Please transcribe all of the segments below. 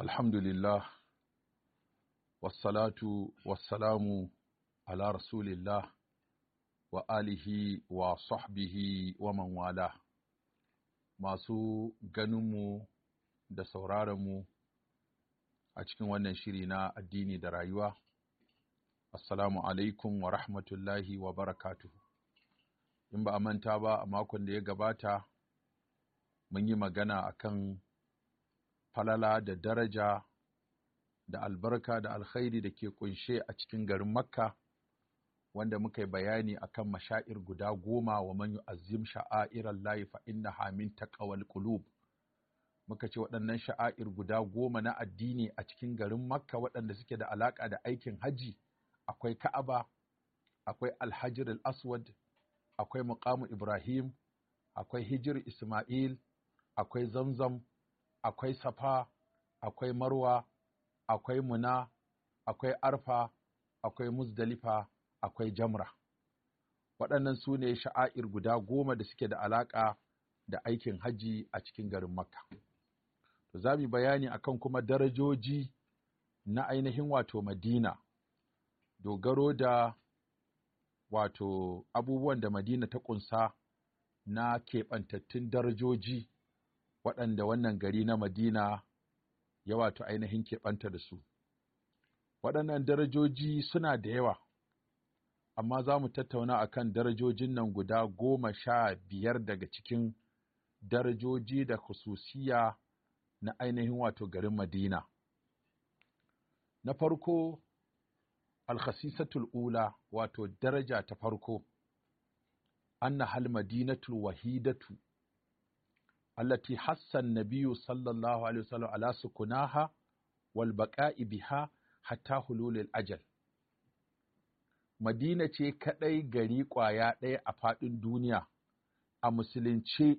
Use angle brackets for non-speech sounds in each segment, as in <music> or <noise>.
الحمد لله والصلاة والسلام على رسول wa وآله وصحبه ومن والاه masu ganinmu da sauraronmu a cikin wannan shiri na addini da rayuwa assalamu alaikum wa rahmatullahi wa barakatu. in ba a manta ba a makon da ya gabata mun yi magana akan falala da daraja da albarka da alkhairi da ke kunshe a cikin garin makka wanda muka yi bayani akan mashair guda goma wa man azim sha'airan layi fa hamin min qulub muka ce waɗannan sha'air guda goma na addini a cikin garin makka waɗanda suke da alaƙa da aikin haji akwai ka'aba akwai alhajir al-aswad akwai muqamu ibrahim akwai hijir isma'il akwai zamzam akwai safa, akwai marwa, akwai muna, akwai arfa, akwai muzdalifa, akwai jamra. Waɗannan su ne sha'air guda goma da suke da alaƙa da aikin hajji a cikin garin Makka. To za mu bayani akan kuma darajoji na ainihin wato Madina, dogaro da wato abubuwan da Madina ta ƙunsa na keɓantattun darajoji waɗanda wannan gari na Madina ya wato ainihin keɓanta da su. Waɗannan darajoji suna da yawa, amma za mu tattauna a kan darajojin nan guda goma sha biyar daga cikin darajoji da khususiya na ainihin wato garin Madina. Na farko, alkhasisatul ula wato daraja ta farko, na hal madinatul wahidatu allati hassan nabiyyu sallallahu alaihi wasallam ala sukunaha wal baqa'i biha hatta hululil ajal Madina ce kadai gari kwaya ɗaya a faɗin duniya a musulunce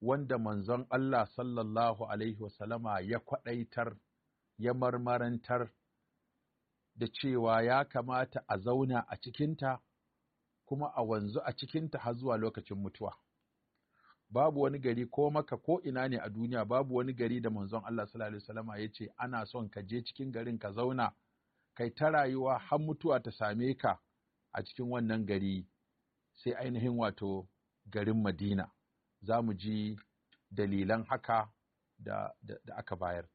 wanda manzon Allah sallallahu alaihi wasallama ya kwaɗaitar ya marmarantar da cewa ya kamata a zauna a cikinta kuma a wanzu a cikinta har zuwa lokacin mutuwa. babu wani gari ko maka ko ina ne a duniya babu wani gari da manzon Allah sallallahu alaihi wasallama yace ana son ka je cikin garin ka zauna kai ta rayuwa har mutuwa ta same ka a cikin wannan gari sai ainihin wato garin Madina za mu ji dalilan haka da, da, da aka bayar.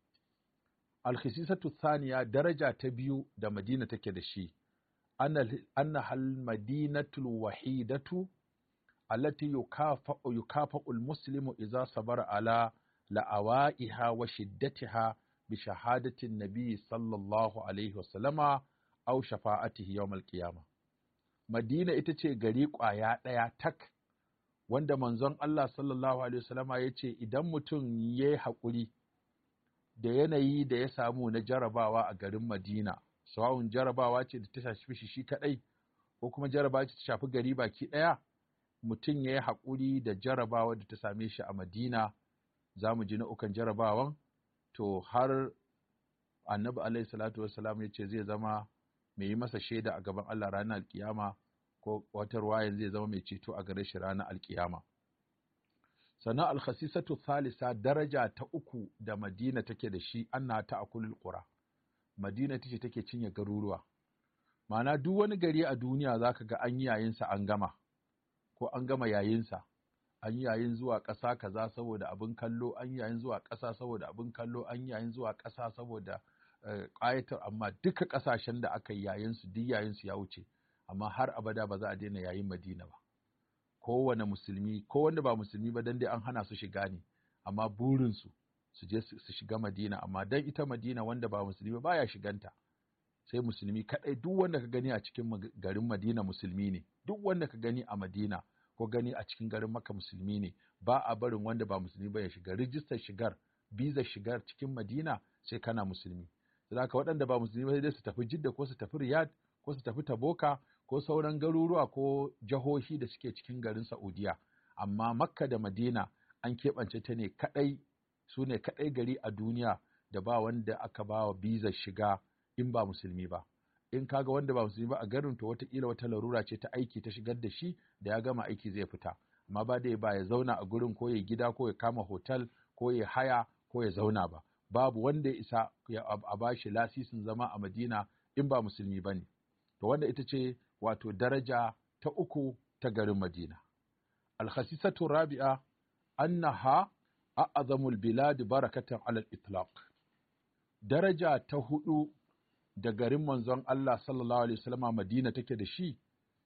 Alkhisisatu thaniya daraja ta biyu da Madina take da shi, anna hal madinatul wahidatu allati yukafa'u yukafa'ul muslimu idza sabara ala la'awa'iha wa shiddatiha bi shahadatin nabi sallallahu alaihi wasallama aw shafa'atihi yawmal qiyama Madina ita ce gari ƙwaya ɗaya tak wanda manzon Allah sallallahu alaihi wasallama ya ce idan mutum ya yi haƙuri da yanayi da ya samu na jarabawa a garin Madina sawa'un jarabawa ce da ta shafi shi kaɗai ko kuma jarabawa ce ta shafi gari baki ɗaya mutum ya yi haƙuri da jarabawa da ta same shi a madina za mu ji na'ukan jarabawan to har annabi alaihi salatu wassalam ya ce zai zama mai yi masa shaida a gaban Allah ranar alkiyama ko wata ruwayan zai zama mai ceto a gare shi ranar alkiyama sana alkhasisatu Salisa daraja ta uku da madina take da shi anna ta akulul qura madina tace take cinye garuruwa ma'ana duk wani gari a duniya zaka ga an yayin sa an gama ko an gama yayinsa an yayin zuwa ƙasa kaza saboda abin kallo an yayin zuwa ƙasa saboda abin kallo an yayin zuwa ƙasa saboda eh, ƙayatar amma duka ƙasashen da aka yi yayinsu duk yayinsu ya wuce amma har abada ba za a daina yayin madina ba kowane musulmi ko wanda ba musulmi ba dan dai an hana su shiga ne amma burinsu su je su shiga madina amma dan ita madina wanda ba musulmi ba baya shiganta sai musulmi kaɗai duk wanda ka gani a cikin garin madina musulmi ne duk wanda ka gani a Madina ko gani a cikin garin maka musulmi ne ba a barin wanda ba musulmi ba ya shiga rijistar shigar biza shigar cikin Madina sai kana musulmi ka waɗanda ba musulmi ba sai su tafi Jidda ko su tafi riyad ko su tafi Taboka ko sauran garuruwa ko jahohi da suke cikin garin Saudiya amma Makka da Madina an keɓance ta ne kaɗai su ne kaɗai gari a duniya da ba wanda aka ba wa bizar shiga in ba musulmi ba. in kaga wanda ba musulmi ba a garin to watakila wata larura ce ta aiki ta shigar da shi da ya gama aiki zai fita amma ba dai ba ya zauna a gurin ko ya gida ko ya kama hotel ko ya haya ko ya zauna ba babu wanda ya isa a bashi lasisin zama a madina in ba musulmi ba ne to wanda ita ce wato daraja ta uku ta garin madina alhasisatu rabi'a annaha a'azamul bilad barakatan alal itlaq daraja ta hudu da garin manzon Allah sallallahu alaihi wasallama Madina take da shi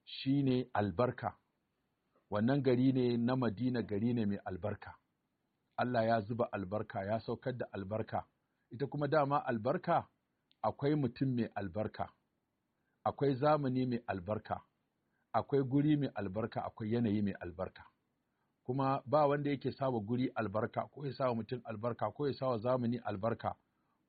shi ne albarka wannan gari ne na Madina gari ne mai albarka Allah ya zuba albarka ya saukar da albarka ita kuma dama albarka akwai mutum mai albarka akwai zamani mai albarka akwai guri mai albarka akwai yanayi mai albarka kuma ba wanda yake sawa guri albarka ko ya sawa mutum albarka ko ya sawa zamani albarka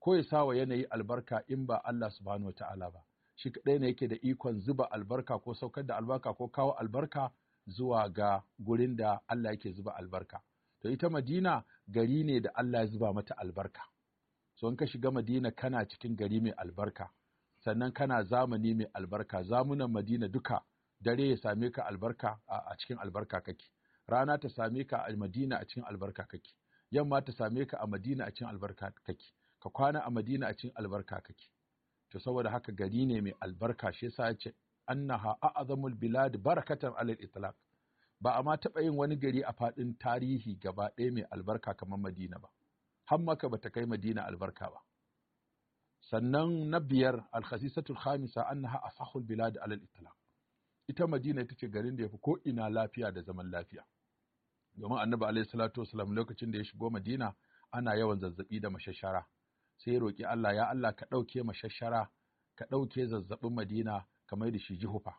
ko ya sa wa yanayi albarka in ba Allah subhanahu ta'ala ba shi kaɗai ne yake da ikon zuba albarka ko saukar da albarka ko kawo albarka zuwa ga gurin da Allah yake zuba albarka to ita Madina gari ne da Allah ya zuba mata albarka so in ka shiga Madina kana cikin gari mai albarka sannan kana zamani mai albarka zamunan Madina duka dare ya same ka albarka a cikin albarka kake rana ta same ka a Madina a cikin albarka kake yamma ta same ka a Madina a cikin albarka kake ka kwana a Madina a cin albarka kake to saboda haka gari ne mai albarka shi yasa ya ce annaha a'zamul bilad barakatan alal itlaq ba a ma taɓa yin wani gari a faɗin tarihi gaba ɗaya mai albarka kamar Madina ba har maka bata kai Madina albarka ba sannan na biyar alkhasisatul khamisa annaha asahul bilad alal itlaq ita Madina ita ce garin da yafi ko ina lafiya da zaman lafiya domin annabi alayhi salatu wasalam lokacin da ya shigo Madina ana yawan zazzabi da mashashara sai ya roƙi Allah ya Allah ka ɗauke mashashara ka ɗauke zazzabin Madina ka da shi jihufa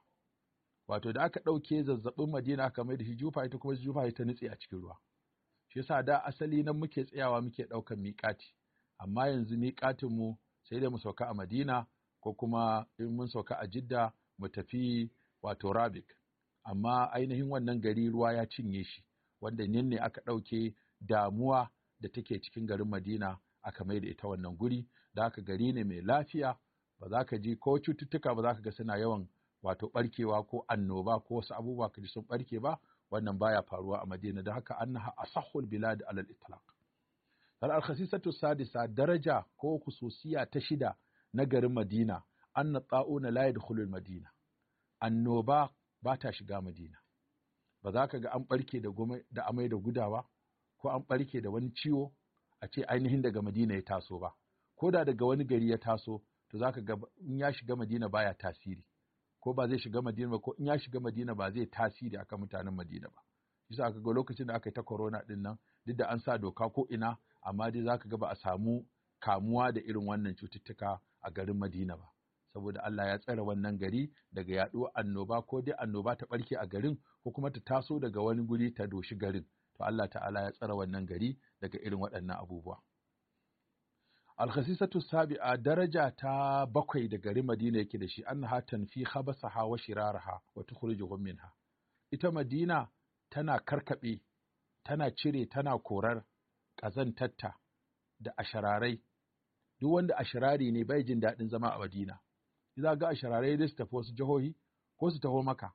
wato da aka ɗauke zazzaɓin Madina ka mai da shi jihufa ita kuma jihufa ita nutse a cikin ruwa shi yasa da asali nan muke tsayawa muke ɗaukan miƙati amma yanzu miƙatin mu sai dai mu sauka a Madina ko kuma in mun sauka a Jidda mu tafi wato Rabik amma ainihin wannan gari ruwa ya cinye shi wanda nan ne aka ɗauke damuwa da take cikin garin Madina aka mai da ita wannan guri da aka gari ne mai lafiya ba za ka ji ko cututtuka ba za ka ga suna yawan wato barkewa ko annoba ko wasu abubuwa ka ji sun barke ba wannan baya faruwa a Madina da haka annaha asahhul bilad alal itlaq al khasisatu sadisa daraja ko kususiya ta shida na garin Madina anna ta'una la yadkhulul Madina annoba ba ta shiga Madina ba za ka ga an barke da amai da gudawa ko an barke da wani ciwo a ce ainihin daga madina ya taso ba ko da daga wani gari ya taso to zaka ga in ya shiga madina baya tasiri ko ba zai shiga madina ba ko in ya shiga madina ba zai tasiri akan mutanen madina ba yasa aka ga lokacin da aka yi ta corona din nan duk da an sa doka ko ina amma dai zaka ga ba a samu kamuwa da irin wannan cututtuka a garin madina ba saboda Allah ya tsare wannan gari daga yaɗuwar annoba ko dai annoba ta barke a garin ko kuma ta taso daga wani guri ta doshi garin to Allah ta'ala ya tsara wannan gari daga irin waɗannan abubuwa alkhasisatu sabi'a daraja ta bakwai da gari madina yake da shi annaha tanfi ha wa shiraraha wa tukhrijuhum minha ita madina tana karkabe tana cire tana korar ƙazantatta da ashararai duk wanda asharari ne bai jin daɗin zama a madina za ga ashararai da su tafi wasu jihohi ko su taho maka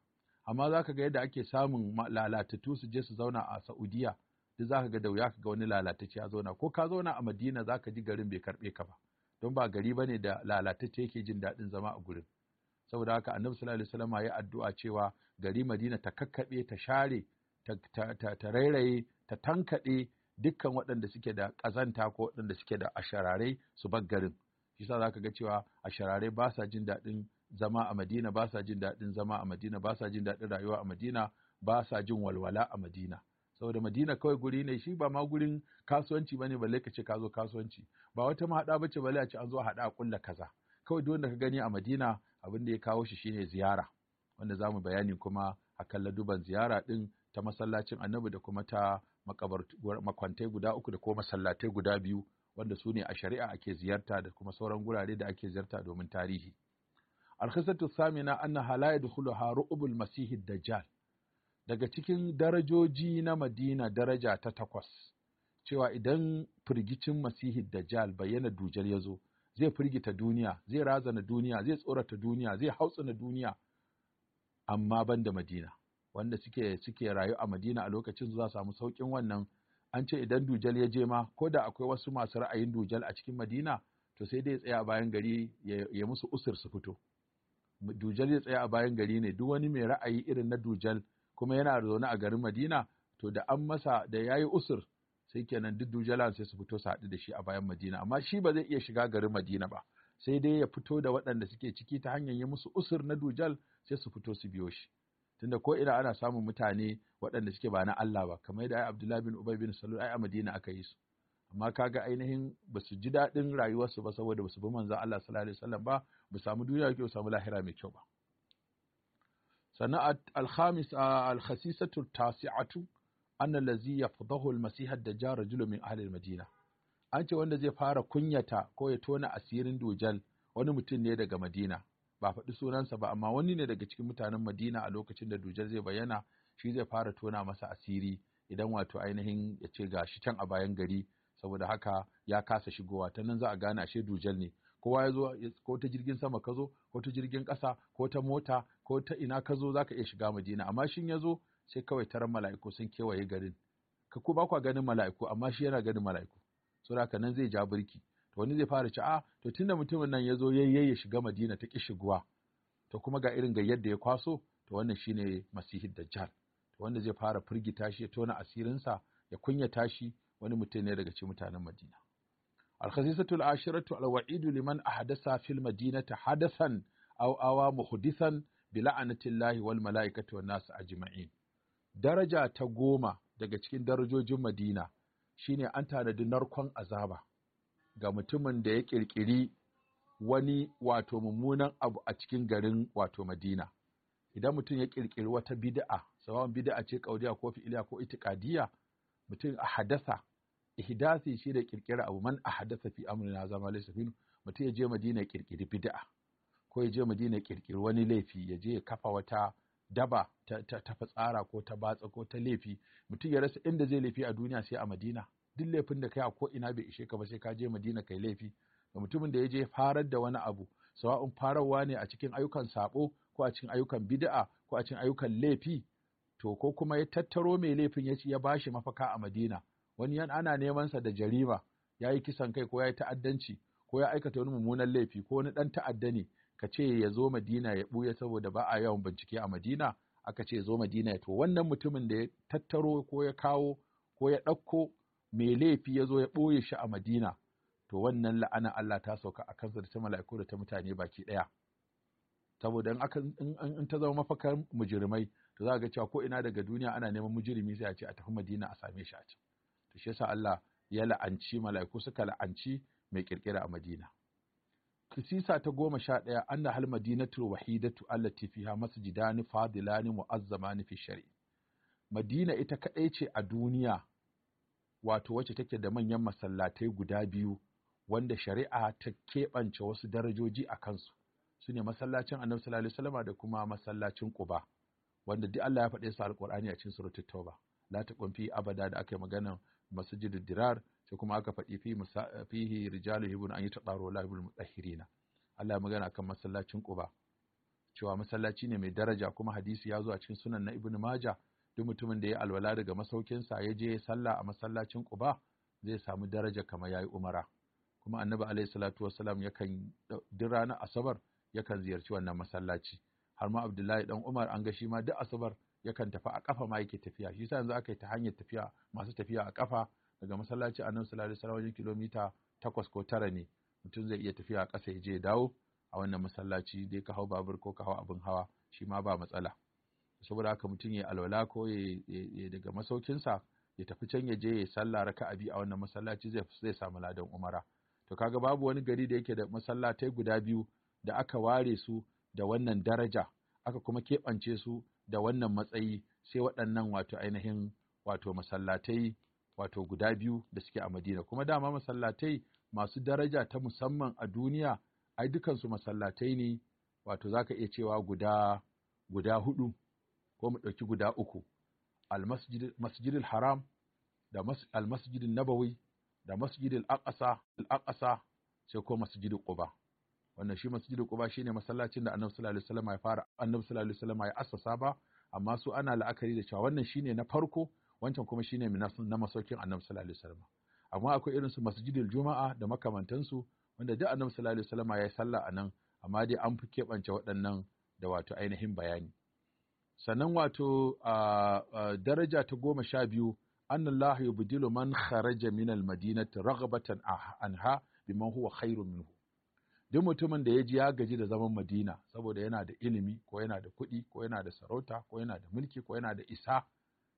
amma za ka ga yadda ake samun lalatattu su je su zauna a Saudiyya? duk za ka ga da wuya ka ga wani lalatacce ya zauna ko ka zauna a Madina za ka ji garin bai karɓe ka ba don ba gari ba ne da lalatacce yake jin daɗin zama a gurin saboda haka annabi sallallahu alaihi wasallam ya addu'a cewa gari Madina ta kakkaɓe ta share ta rairaye ta tankade dukkan waɗanda suke da ƙazanta ko waɗanda suke da asharare su bar garin shi yasa zaka ga cewa asharare ba sa jin daɗin zama a Madina ba sa jin daɗin zama a Madina ba sa jin daɗin rayuwa a Madina ba sa jin walwala a Madina saboda Madina kawai guri ne shi ba ma gurin kasuwanci bane balle ka ce ka zo kasuwanci ba wata mahaɗa bace balle a ce an zo haɗa a kulla kaza kawai duk wanda ka gani a Madina abin da ya kawo shi shine ziyara wanda za mu bayani kuma a kalla duban ziyara din ta masallacin annabi da kuma ta makwantai guda uku da kuma masallatai guda biyu wanda su ne a shari'a ake ziyarta da kuma sauran gurare da ake ziyarta domin tarihi. alkhisatu samina annaha la yadkhuluha Ubul, masihi dajjal daga cikin darajoji na madina daraja ta takwas cewa idan firgicin masihi dajjal bayyana dujal ya zo zai firgita duniya zai razana duniya zai tsorata duniya zai hautsana duniya amma ban da madina wanda suke suke rayu a madina a lokacin za samu saukin wannan an ce idan dujal ya je ma ko da akwai wasu masu ra'ayin dujal a cikin madina to sai dai tsaya bayan gari ya musu usur su fito dujal ya tsaya a bayan gari ne duk wani mai ra'ayi irin na dujal kuma yana zaune a garin madina to da an masa da yayi usur sai kenan duk dujalan sai su fito su haɗu da shi a bayan madina amma shi ba zai iya shiga garin madina ba sai dai ya fito da waɗanda suke ciki ta hanyar yi musu usur na dujal sai su fito su biyo shi tunda ko ina ana samun mutane waɗanda suke ba na Allah ba kamar yadda ai Abdullahi bin Ubay bin Salul ai a Madina aka yi su amma kaga ainihin ba su ji daɗin rayuwarsu ba saboda ba su bi manzon Allah sallallahu alaihi wasallam ba ba samu duniya ba samu lahira mai kyau ba sannan alhamis alhasisatu tasi'atu annal ladzi yafdahu almasih ad-dajjal rajulun min ahli madina an ce wanda zai fara kunyata ko ya tona asirin dujal wani mutum ne daga madina ba faɗi sunansa ba amma wani ne daga cikin mutanen madina a lokacin da dujal zai bayyana shi zai fara tona masa asiri idan wato ainihin ya ce ga shi can a bayan gari saboda haka ya kasa shigowa ta nan za a gane ashe dujal ne kowa ya zo ko ta jirgin sama ka zo ko ta jirgin ƙasa ko ta mota ko ta ina ka zo za ka iya shiga madina amma shin ya zo sai kawai taron mala'iku sun kewaye garin ka ko ba kwa ganin mala'iku amma shi yana ganin mala'iku so da nan zai ja birki to wani zai fara ci a to tunda mutumin nan ya zo yayye ya shiga madina ta ki shiguwa to kuma ga irin gayyar da ya kwaso to wannan shine masihid dajjal to wanda zai fara firgita shi ya tona asirinsa ya kunya tashi wani mutum ne daga cikin mutanen madina الخسيسة العاشرة الوعيد لمن أحدث في المدينة حدثا أو أوى محدثا بلعنة الله والملائكة والناس أجمعين درجة تقوم daga cikin darajojin Madina shine an أنا narkon azaba ga mutumin da ya ƙirƙiri wani wato mummunan abu a cikin garin wato Madina idan mutum ya ƙirƙiri wata bida'a, sabon bida'a ce kaudiya ko fi'iliya ko itikadiya mutum a hadasa ihdasi shi da kirkira abu man ahdatha fi amrina zama laysa fi mutum ya je madina kirkiri bid'a ko ya je madina kirkiri wani laifi ya je ya kafa wata daba ta, ta, ta fatsara ko ta batsa ko ta laifi mutum ya rasa inda zai laifi a duniya sai a madina duk laifin da kai a ko ina bai ishe ka ba sai ka je madina kai laifi da mutumin da ya je farar da wani abu sawa'un farawa ne a cikin ayyukan sabo ko a cikin ayyukan bid'a ko a cikin ayyukan laifi to ko kuma ya tattaro mai laifin ya ci ya bashi mafaka a madina wani yan ana neman sa da jarima ya yi kisan kai ko ya yi ta'addanci ko ya aikata wani mummunan laifi ko wani dan ta'adda ne ka ce ya zo madina ya ɓuya saboda ba a yawan bincike a madina aka ce ya zo madina to wannan mutumin da ya tattaro ko ya kawo ko ya ɗauko mai laifi ya zo ya ɓoye shi a madina to wannan la'ana Allah ta sauka a kansa da ta mala'iku da ta mutane baki ɗaya saboda in ta zama mafakar mujirmai to za ga cewa ko ina daga duniya ana neman mujirmi sai a ce a tafi madina a same shi a can to shi yasa Allah ya la'anci mala'iku suka la'anci mai kirkira a Madina kisisa ta goma sha ɗaya an na halmadinatul wahidatu allati fiha jidani fadilani mu'azzamani fi shari madina ita kaɗai ce a duniya wato wacce take da manyan masallatai guda biyu wanda shari'a ta keɓance wasu darajoji a kansu su ne masallacin annabi sallallahu alaihi wasallam da kuma masallacin quba wanda duk Allah ya faɗe su alqur'ani a cikin suratul tauba la taqum fi abada da aka yi maganar masjidu dirar sai kuma aka faɗi fi fihi rijalu hibun an yi ta ɗaro lahibul mutahhirina Allah ya magana akan masallacin Quba cewa masallaci ne mai daraja kuma hadisi ya zo a cikin sunan na Ibn Majah duk mutumin da ya alwala daga masaukin sa ya je ya sallah a masallacin Quba zai samu daraja kamar yayi umara kuma annabi alaihi salatu wassalam yakan duk ranar asabar yakan ziyarci wannan masallaci har ma Abdullahi dan Umar an ga shi ma duk asabar yakan tafi a kafa ma yake tafiya shi yasa yanzu aka yi ta hanyar tafiya masu tafiya a kafa daga masallaci a nan salari wajen kilomita takwas ko tara ne mutum zai iya tafiya a ƙasa ya je ya dawo a wannan masallaci dai ka hau babur ko ka hau abin hawa shi ma ba matsala saboda haka mutum ya alwala ko ya daga masaukinsa ya tafi can ya je ya sallah raka biyu a wannan masallaci zai zai samu ladan umara to kaga babu wani gari da yake da masallatai guda biyu da aka ware su da wannan daraja aka kuma keɓance su da wannan matsayi sai waɗannan wato ainihin wato masallatai wato guda biyu da suke a Madina kuma dama masallatai masu daraja ta musamman a duniya ai dukansu masallatai ne wato zaka iya cewa guda guda hudu ko mu ɗauki guda uku al-masjidil haram da al nabawi da masjidil aqsa sai ko masjidil ƙuba. wannan shi masjidul quba shine masallacin da annabi sallallahu alaihi wasallam ya fara annabi sallallahu alaihi wasallam ya assasa ba amma su ana la'akari da cewa wannan shine na farko wancan kuma shine na masaukin annabi sallallahu alaihi wasallam amma akwai irin su masjidul juma'a da makamantansu wanda duk annabi sallallahu alaihi wasallam ya yi sallah anan. amma dai an fi keɓance waɗannan da wato ainihin bayani sannan wato daraja ta goma sha biyu annallahu yubdilu man kharaja min madinati raghbatan anha biman huwa khairun minhu duk mutumin da ya ji ya gaji da zaman Madina saboda yana da ilimi ko yana da kuɗi ko yana da sarauta ko yana da mulki ko yana da isa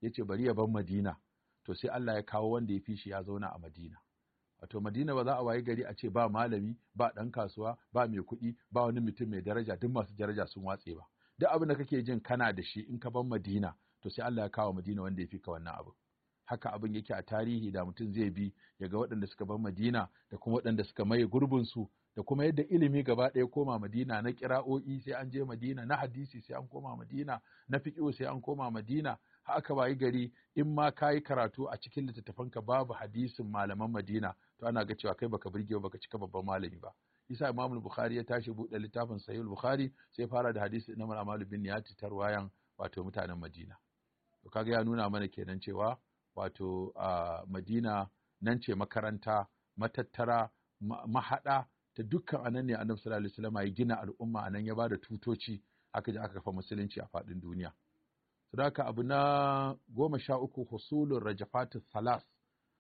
ya ce bari ya bar Madina to sai Allah ya kawo wanda ya fi shi ya zauna a Madina wato Madina ba za a wayi gari a ce ba malami ba ɗan kasuwa ba mai kuɗi ba wani mutum mai daraja duk masu daraja sun watse ba duk abin da kake jin kana da shi in ka bar Madina to sai Allah ya kawo Madina wanda ya fi ka wannan abu haka abin yake a tarihi da mutum zai bi ya ga waɗanda suka bar Madina da kuma waɗanda suka maye gurbin su. da kuma yadda ilimi gaba ɗaya koma madina na kira'o'i sai an je madina na hadisi sai an koma madina na fiƙo sai an koma madina haka aka yi gari in ma ka yi karatu a cikin littattafanka babu hadisin malaman madina to ana ga cewa kai baka birge baka cika babban malami ba isa imamul bukhari ya tashi buɗe littafin sahihul bukhari sai fara da hadisi na amalu bin niyati tarwayan wato mutanen madina to kaga ya nuna mana kenan cewa wato a ah, madina nan ce makaranta matattara mahada ta dukkan anan ne annabi sallallahu alaihi wasallam ya gina al'umma anan ya bada tutoci aka je aka kafa musulunci a faɗin duniya sadaka abu na goma sha uku husulun salas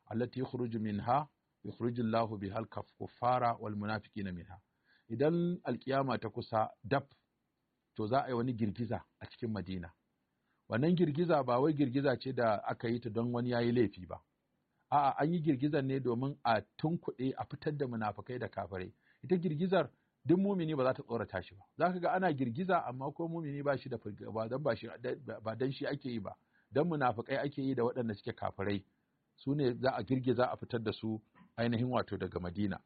allati yukhruju minha yukhruju Allahu biha al-kuffara wal munafiqina minha idan alkiyama ta kusa dab to za a yi wani girgiza a cikin Madina wannan girgiza ba wai girgiza ce da aka yi ta don wani yayi laifi ba a'a an yi girgizan ne domin a tunkuɗe a fitar da munafukai da kafirai ita girgizar duk mumini ba za ta tsorata shi ba za ka ga ana girgiza amma ko mumini ba shi da ba dan shi ake yi ba dan munafukai ake yi da waɗanda suke kafirai su ne za a girgiza a fitar da su ainihin wato daga Madina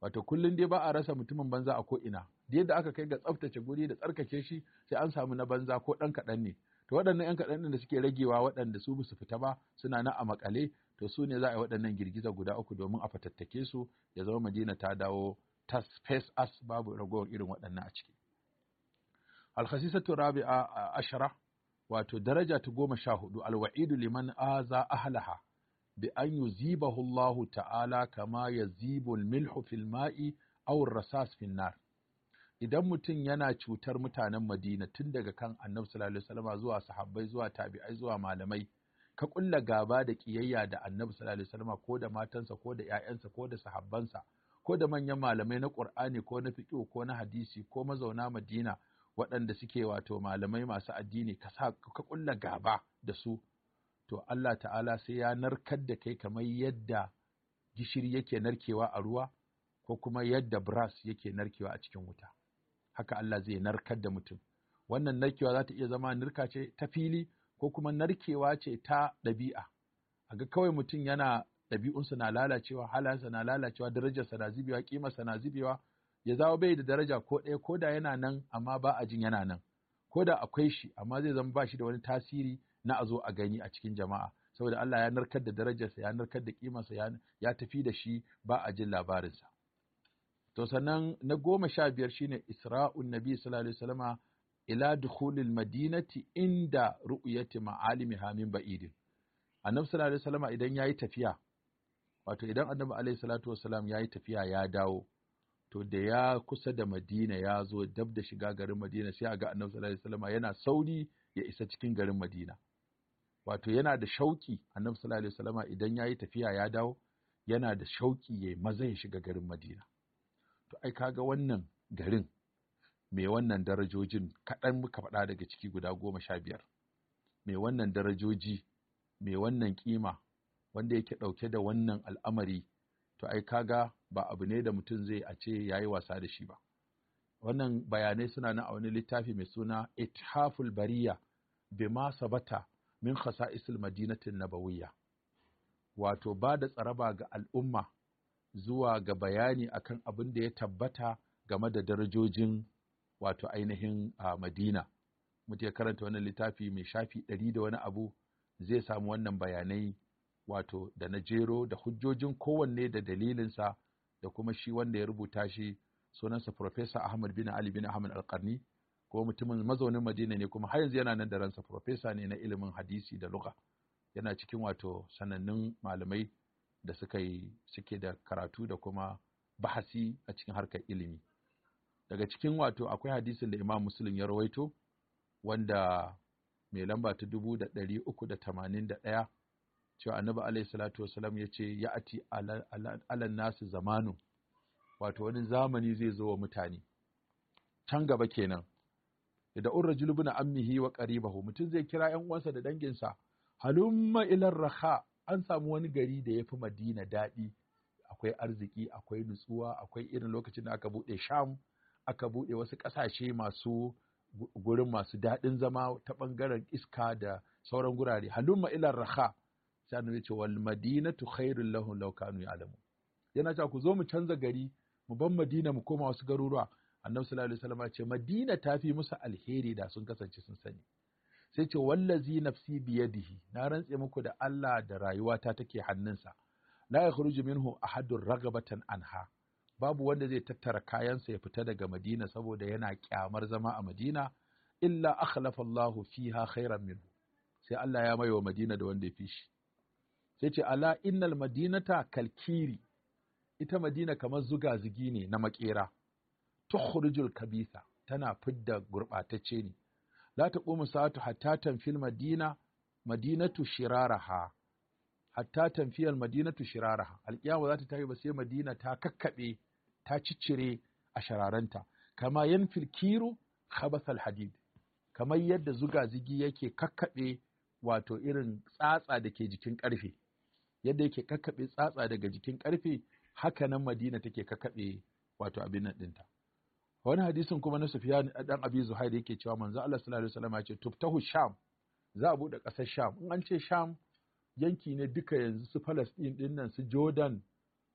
wato kullum dai ba a rasa mutumin banza a ko'ina. ina da yadda aka kai ga tsaftace guri da tsarkake shi sai an samu na banza ko ɗan kaɗan ne to waɗannan ɗan kaɗan da suke ragewa waɗanda su basu fita ba suna nan a makale to su ne za a yi waɗannan girgiza guda uku domin a fatattake su ya zama madina ta dawo tasfes space as babu ragowar irin waɗannan a ciki alkhasisatu rabi'a ashara wato daraja ta goma sha hudu alwa'idu liman aza ahlaha bi an yuzibahu Hullahu ta'ala kama yazibu milhu Filma'i ma'i aw rasas fil idan mutum yana cutar mutanen Madina tun daga kan Annabi sallallahu alaihi wasallam zuwa sahabbai zuwa tabi'ai zuwa malamai ka ƙulla gaba da ƙiyayya da Annabi sallallahu alaihi wasallam ko da matansa ko da ƴaƴansa ko da sahabbansa ko da manyan malamai na ƙur'ani, ko na fiƙo ko na hadisi ko mazauna Madina waɗanda suke wato malamai masu addini ka sa ka kulla gaba da su to Allah ta'ala sai ya narkar da kai kamar yadda gishiri yake narkewa a ruwa ko kuma yadda brass yake narkewa a cikin wuta haka Allah zai narkar da mutum wannan narkewa za ta iya zama nirka ce ta fili ko kuma narkewa ce ta ɗabi'a a ga kawai mutum yana ɗabi'unsa na lalacewa halayensa na lalacewa darajarsa na zubewa ƙimarsa na zubewa ya zawo bai da daraja ko ɗaya ko da yana nan amma ba a jin yana nan ko da akwai shi amma zai zama ba shi da wani tasiri na a zo a gani a cikin jama'a saboda Allah ya narkar da darajarsa ya narkar da ƙimarsa ya tafi da shi ba a jin labarinsa to sannan na goma sha biyar shine isra'un nabi sallallahu alaihi wasallam ila dukhulil madinati inda ru'yati ma'alimi hamin ba'idin annabi sallallahu alaihi wasallam idan yayi tafiya wato idan annabi alaihi salatu wasalam ya yi tafiya ya dawo to da ya kusa da madina ya zo dab da shiga garin madina sai a ga annabi sallallahu alaihi wasallam yana sauri ya isa cikin garin madina wato yana da shauki annabi sallallahu alaihi wasallam idan ya yi tafiya ya dawo yana da shauki ya maza ya shiga garin madina to ai kaga wannan garin me wannan darajojin kaɗan muka faɗa daga ciki guda goma sha biyar Me wannan darajoji me wannan kima wanda yake ɗauke da wannan al'amari to ai kaga ba abu ne da mutum zai a ce ya yi wasa da shi ba wannan bayanai suna nan a wani littafi mai suna ithaful bariya ma sabata min khasa'isil madinatin nabawiyya wato ba da tsaraba ga al'umma zuwa ga bayani akan abin da ya tabbata game da darajojin wato ainihin a madina mutu ya karanta wannan littafi mai shafi ɗari da wani abu zai samu wannan bayanai wato da na jero da hujjojin kowanne da dalilinsa da kuma shi wanda ya rubuta shi sunansa Profesa Ahmad bin Ali bin Ahmad Alƙarni ko mutumin mazaunin Madina ne kuma har yanzu yana nan da ransa Profesa ne na ilimin hadisi da luka yana cikin wato sanannun malamai da suka yi suke da karatu da kuma bahasi a cikin harkar ilimi daga cikin wato akwai hadisin da Imam Muslim ya rawaito wanda mai lamba ta dubu da ɗari uku da tamanin da ɗaya cewa annabi alaihi salatu wasalam ya ce ya ati alan nasu zamanu wato wani zamani zai zo wa mutane can gaba kenan da urra na ammihi wa qaribahu mutum zai kira ƴan uwansa da danginsa halumma ila raha an samu wani gari da yafi madina daɗi akwai arziki akwai nutsuwa akwai irin lokacin da aka buɗe sham aka buɗe wasu ƙasashe masu gurin masu daɗin zama ta ɓangaren iska da sauran gurare halumma ila raha sai ya ce wal madinatu khairul lahu, law kanu ya'lamu yana cewa ku zo mu canza gari mu bar madina mu koma wasu garuruwa annabi sallallahu alaihi wasallam ce madina ta fi musu alheri da sun kasance sun sani sai ce wallazi nafsi biyadihi na rantse muku da Allah da rayuwata take hannunsa la yakhruju minhu ahadur ragabatan anha babu wanda zai tattara kayansa ya fita daga Madina saboda yana kyamar zama a Madina illa akhlafa Allahu fiha khairan minhu sai Allah ya wa Madina da wanda ya fi shi sai ce ala innal madinata kalkiri ita madina kamar zuga zigi ne na makera tukhrijul kabisa tana fidda gurɓatacce ne la taqumu sa'atu hatta tanfil madina madinatu shiraraha hatta tanfiyal madinatu shiraraha alqiyama za ta tafi ba sai madina ta kakkaɓe, ta ciccire a shararanta kama yan filkiru, khabathal hadid kamar yadda zuga zigi yake kakkaɓe wato irin tsatsa da ke jikin ƙarfe yadda yake kakkaɓe tsatsa daga jikin ƙarfe haka nan madina take kakkaɓe wato abin nan ɗinta wani hadisin kuma na sufiyan dan abi zuhair yake cewa manzo Allah sallallahu alaihi wasallam ya ce tuftahu sham za a bude ƙasar sham in an ce sham yanki ne duka yanzu su Palestine din nan su Jordan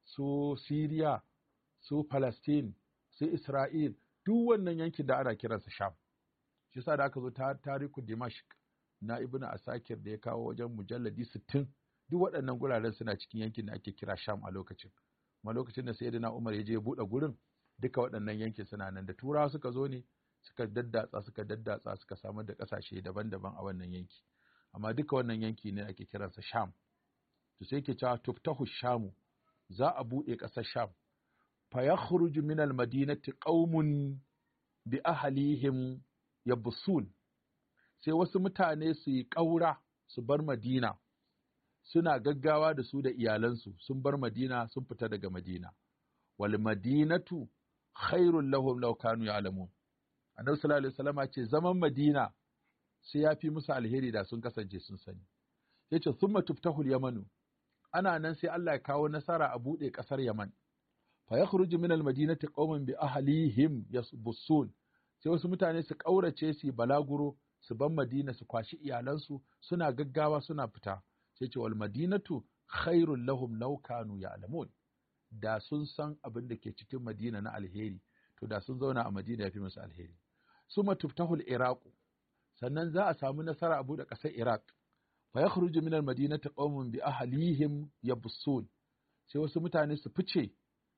su Syria su Palestine su Isra'il duk wannan yankin da ana kiransa sham shi sa da aka zo ta tariku Dimashq na ibnu Asakir da ya kawo wajen mujalladi sittin. duk waɗannan guraren suna cikin yankin da ake kira Sham a lokacin kuma lokacin da Sayyidina Umar ya je ya buɗe gurin duka waɗannan yankin suna nan da turawa suka zo ne suka daddatsa suka daddatsa suka samar da ƙasashe daban-daban a wannan yanki amma duka wannan yanki ne ake kiransa Sham to sai ke cewa tuftahu shamu za a buɗe ƙasar Sham fa yakhruju min al-madinati qaumun bi ahlihim yabsun sai wasu mutane su yi ƙaura su bar Madina suna gaggawa da su da iyalansu sun bar Madina sun fita daga Madina wal madinatu khairul lahum law kanu ya'lamun annabi sallallahu alaihi wasallam ce zaman Madina sai fi musu alheri da sun kasance sun sani yace thumma tuftahul yamanu ana nan sai Allah ya kawo nasara a bude kasar Yaman fa yakhruju min al madinati qauman bi ahlihim yasbusun sai wasu mutane su kaurace su balaguro su ban Madina su kwashi iyalansu suna gaggawa suna fita sai ce wal madinatu khairul lahum law kanu ya'lamun da sun san abin da ke cikin madina na alheri to da sun zauna a madina yafi musu alheri suma tuftahul iraqu sannan za a samu nasara abu buɗe ƙasar iraq fa yakhruju min al madinati qawmun bi ahlihim yabsun sai wasu mutane su fice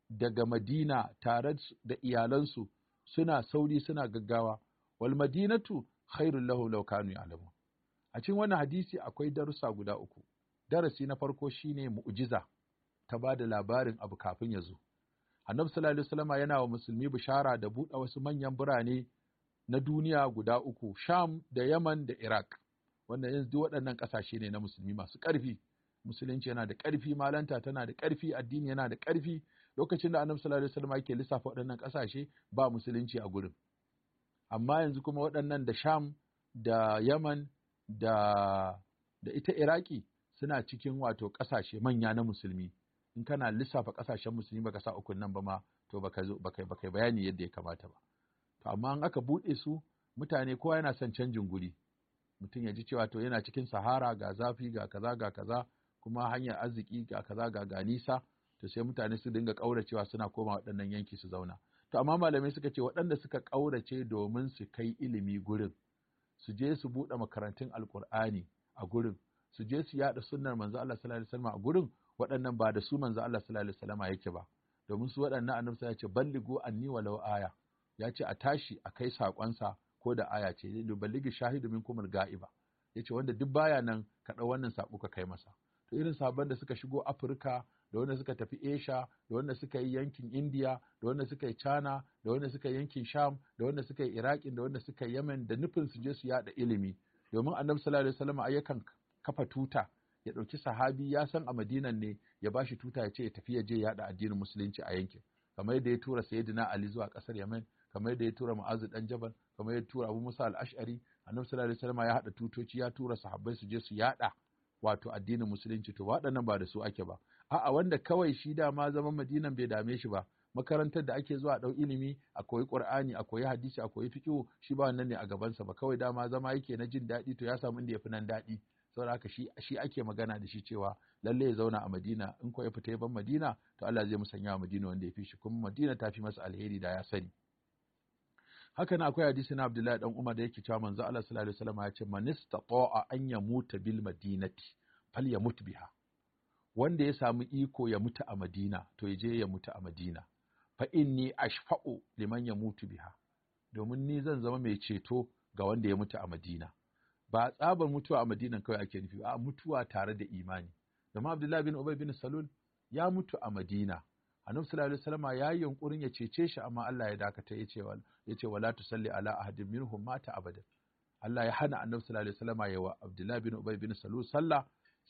daga madina tare da iyalansu suna sauri suna gaggawa wal madinatu khairul lahum law kanu ya'lamun A cikin wannan hadisi akwai darussa guda uku. Darasi na farko shine mu'jiza ta ba da labarin abu kafin ya zo. Annabi sallallahu alaihi wasallam yana wa musulmi bishara da buɗe wasu manyan birane na duniya guda uku, Sham da Yaman da Iraq. Wannan yanzu duk waɗannan ƙasashe ne na musulmi masu ƙarfi. Musulunci yana da ƙarfi, malanta tana da ƙarfi, addini yana da ƙarfi. Lokacin da Annabi sallallahu alaihi wasallam yake lissafa waɗannan ƙasashe ba musulunci a gurin. Amma yanzu kuma waɗannan da Sham da Yaman da da ita iraki suna cikin wato ƙasashe manya na musulmi in kana lissafa ƙasashen musulmi baka sa ukun nan ba ma to baka zo baka baka bayani yadda ya kamata ba to amma in aka buɗe su mutane kowa yana son canjin guri mutum ya ji cewa to yana cikin sahara ga zafi ga kaza ga kaza kuma hanyar arziki ga kaza ga ga nisa to sai mutane su dinga ƙauracewa suna koma waɗannan yanki su zauna to amma malamai suka ce waɗanda suka ƙaurace domin su kai ilimi gurin su je su buɗe makarantun Alƙur'ani a gurin su je su yaɗa sunnar manzo Allah sallallahu alaihi wasallam a gurin waɗannan ba da su manzo Allah sallallahu alaihi wasallam yake ba domin su waɗannan annabi ya ce balligo anni walau aya ya ce a tashi a kai sa ko da aya ce da balligi shahidu min kumul ga'iba ya ce wanda duk baya nan ka ɗau wannan sako ka kai masa to irin sabon da suka shigo Afirka da wanda suka tafi Asia da wanda suka yi yankin India da wanda suka yi China da wanda suka yi yankin Sham da wanda suka yi Iraqin da wanda suka yi Yemen da nufin su je su yada ilimi domin Annabi sallallahu alaihi wasallam ayyukan kafa tuta ya ɗauki sahabi ya san a Madinan ne ya bashi tuta ya ce ya tafi ya je yada addinin musulunci a yankin kamar yadda ya tura Sayyidina Ali zuwa kasar Yemen kamar yadda ya tura Mu'azu dan Jabal kamar yadda ya tura Abu Musa al-Ash'ari Annabi sallallahu alaihi wasallam ya hada tutoci ya tura sahabbai su je su yada wato addinin musulunci to waɗannan ba da su ake ba a'a wanda kawai shi dama zaman madinan bai dame shi ba makarantar da ake zuwa ɗau ilimi a koyi ƙur'ani a koyi hadisi a koyi fiqhu shi ba wannan ne a gabansa ba kawai dama zama yake na jin daɗi to ya samu inda ya fi nan daɗi saboda haka shi shi ake magana da shi cewa lalle ya zauna a Madina in ko ya fita ya ban Madina to Allah zai musanya wa Madina wanda ya fi shi kuma Madina ta fi masa alheri da ya sani haka na akwai hadisi na Abdullahi dan Umar da yake cewa manzo Allah sallallahu alaihi wasallam ya ce man istata'a an yamuta bil madinati falyamut biha wanda ya samu iko ya mutu a Madina to ya je ya mutu a Madina fa inni ashfa'u liman yamutu biha domin ni zan zama mai ceto ga wanda ya mutu a Madina ba tsabar mutuwa a Madina kawai ake nufi a mutuwa tare da imani Dama Abdullahi bin Ubay bin Salul ya mutu a Madina annabi sallallahu alaihi ya yi yunkurin ya cece shi amma Allah ya dakata yace yace wala tusalli ala ahadin minhum mata abadan Allah ya hana annabi sallallahu alaihi wasallama yawa Abdullah bin Ubay bin Salul sallah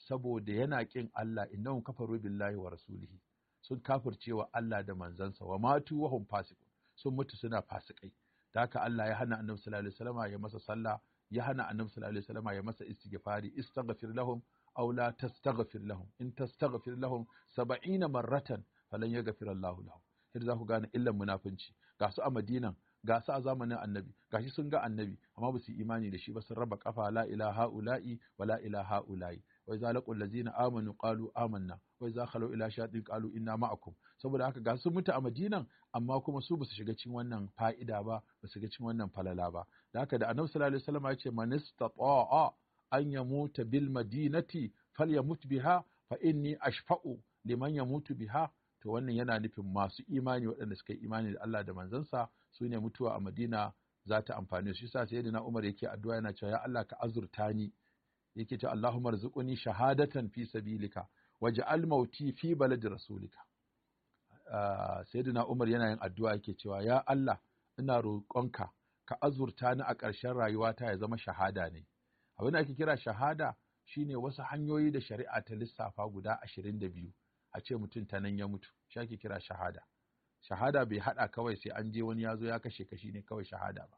saboda yana kin Allah innahum kafaru billahi wa rasulihi sun kafircewa Allah da manzansa wa matu wa hum fasiqun sun mutu suna fasikai da haka Allah ya hana annabi sallallahu alaihi wasallama ya masa sallah ya hana annabi sallallahu alaihi wasallama ya masa istighfari istaghfir lahum aw la tastaghfir lahum in tastaghfir lahum 70 marratan falan ya gafira Allahu lahu yadda za ku gane illan munafunci ga su a Madinan ga su a zamanin annabi gashi sun ga annabi amma ba su yi imani da shi ba sun raba kafa la ilaha ula'i wa la ilaha ula'i wai za laqul lazina amanu qalu amanna wai za khalu ila shayatin qalu inna ma'akum saboda haka ga su mutu a Madinan amma kuma su ba su shiga cikin wannan fa'ida ba ba su shiga cikin wannan falala ba da haka da annabi sallallahu alaihi wasallam ya ce man istata'a an yamuta bil madinati falyamut biha fa inni ashfa'u liman yamutu biha to wannan yana nufin masu imani waɗanda suka yi imani da Allah da manzansa su ne mutuwa a Madina za ta amfani su yasa sai na Umar yake addu'a yana cewa ya Allah ka azurta ni yake cewa Allahumma rzuqni shahadatan fi sabilika waj'al mauti fi baladi rasulika ah, sayyidina Umar yana yin addu'a yake cewa ya Allah ina roƙonka ka azurta ni a ƙarshen rayuwata ya zama shahada ne abin da ake kira shahada shine wasu hanyoyi da shari'a ta lissafa guda ashirin da biyu a ce mutum ta nan ya mutu shi ake kira shahada shahada bai haɗa kawai sai an je wani ya zo ya kashe kashi ne kawai shahada ba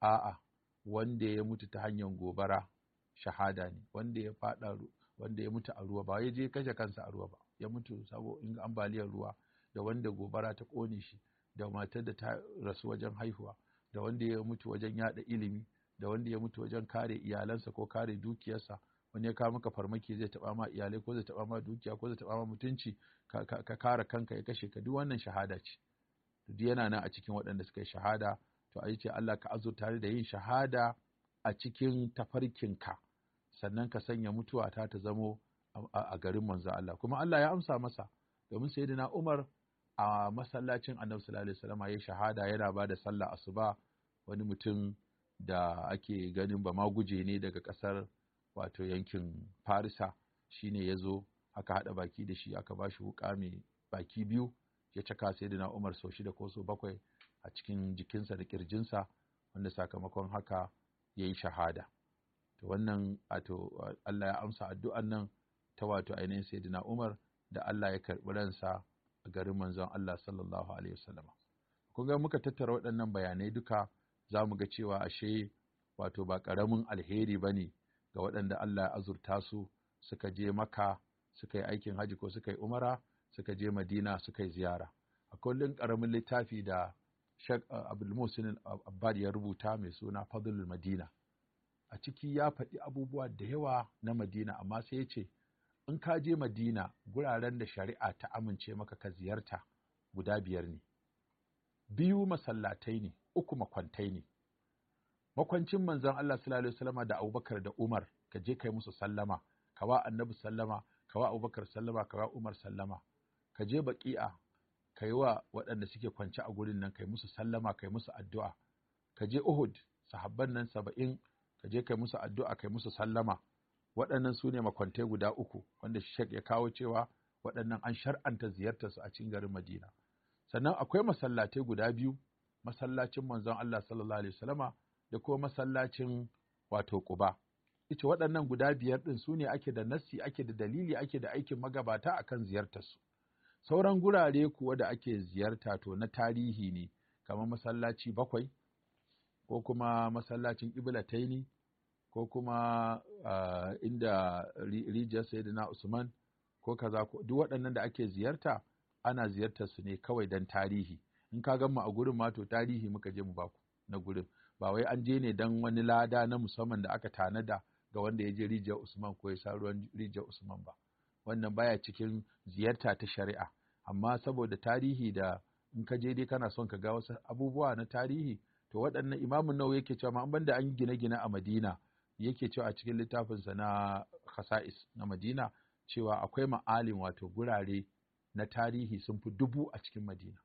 a'a wanda ya mutu ta hanyar gobara shahada ne wanda ya fada wanda ya mutu a ruwa ba ya je kashe kansa a ruwa ba ya mutu sabo in ambaliyar ruwa da wanda gobara ta kone shi da matar da ta rasu wajen haihuwa da wanda ya mutu wajen yada ilimi da wanda ya mutu wajen kare iyalansa ko kare dukiyarsa wani ya kawo maka farmaki zai taba ma iyalai ko zai taɓa ma dukiya ko zai taɓa ma mutunci ka kare kanka ya kashe ka duk wannan shahada ce duk yana nan a cikin waɗanda suka yi shahada to ayi ce Allah ka azurta ni da yin shahada a cikin tafarkin ka, sannan ka sanya mutuwa ta ta zamo a garin manzo Allah kuma Allah ya amsa masa domin sayyidina Umar a masallacin Annabi sallallahu alaihi wasallam yayi shahada yana ba da sallah asuba wani mutum da ake ganin ba ma guje ne daga kasar wato yankin farisa shi ne ya zo aka haɗa baki da shi aka ba shi wuƙa mai baki biyu ya caka sai na umar sau shida ko sau bakwai a cikin jikinsa da ƙirjinsa wanda sakamakon haka ya yi shahada to wannan ato Allah ya amsa addu'an nan ta wato ainihin na Umar da Allah ya karɓi ransa a garin manzon Allah sallallahu alaihi wasallama kun ga muka tattara waɗannan bayanai duka za mu ga cewa ashe wato ba ƙaramin alheri ba ne ga waɗanda Allah ya azurta su suka je maka suka yi aikin haji ko suka yi umara suka je madina suka yi ziyara a kullum ƙaramin littafi da shek uh, Abdul Abbad ya rubuta mai suna Fadlul Madina a ciki ya faɗi abubuwa da yawa na Madina amma sai ya ce in ka je Madina guraren da shari'a ta amince maka ka ziyarta guda biyar ne biyu masallatai ne uku makwantai ne makwancin manzon Allah sallallahu alaihi wasallama da Abubakar da Umar ka je kai musu sallama kawa annabi sallama kawa Abubakar sallama kawa Umar sallama ka je baqi'a kai wa waɗanda suke kwance a gurin nan kai musu sallama kai musu addu'a ka je Uhud sahabban nan saba'in ka je kai musu addu'a kai musu sallama waɗannan su ne makwantai guda uku wanda shek ya kawo cewa waɗannan an shar'anta ziyartar su a cikin garin Madina sannan akwai masallatai guda biyu masallacin manzon Allah sallallahu alaihi wasallama da kuma masallacin wato kuba Ita waɗannan guda biyar ɗin su ne ake da nassi ake da dalili ake da aikin magabata a akan ziyartarsu. Sauran gurare kuwa da ake ziyarta to na tarihi ne kamar masallaci bakwai ko kuma masallacin Iblataini ko kuma uh, inda rijiyar Sayyidina Usman ko kaza ko duk waɗannan da ake ziyarta ana ziyartar su ne kawai don tarihi in ka gan mu a gurin ma to tarihi muka je mu baku na gurin ba wai an je ne don wani lada na musamman da aka tanada ga wanda ya je rijiyar usman ko ya sa ruwan rijiyar usman ba wannan baya cikin ziyarta ta shari'a amma saboda tarihi da in ka je dai kana son ka ga wasu abubuwa na tarihi to waɗannan imamun nawa yake cewa ma banda an gine-gine a madina yake cewa a cikin littafinsa na khasa'is na madina cewa akwai ma'alin wato gurare na tarihi sun fi dubu a cikin madina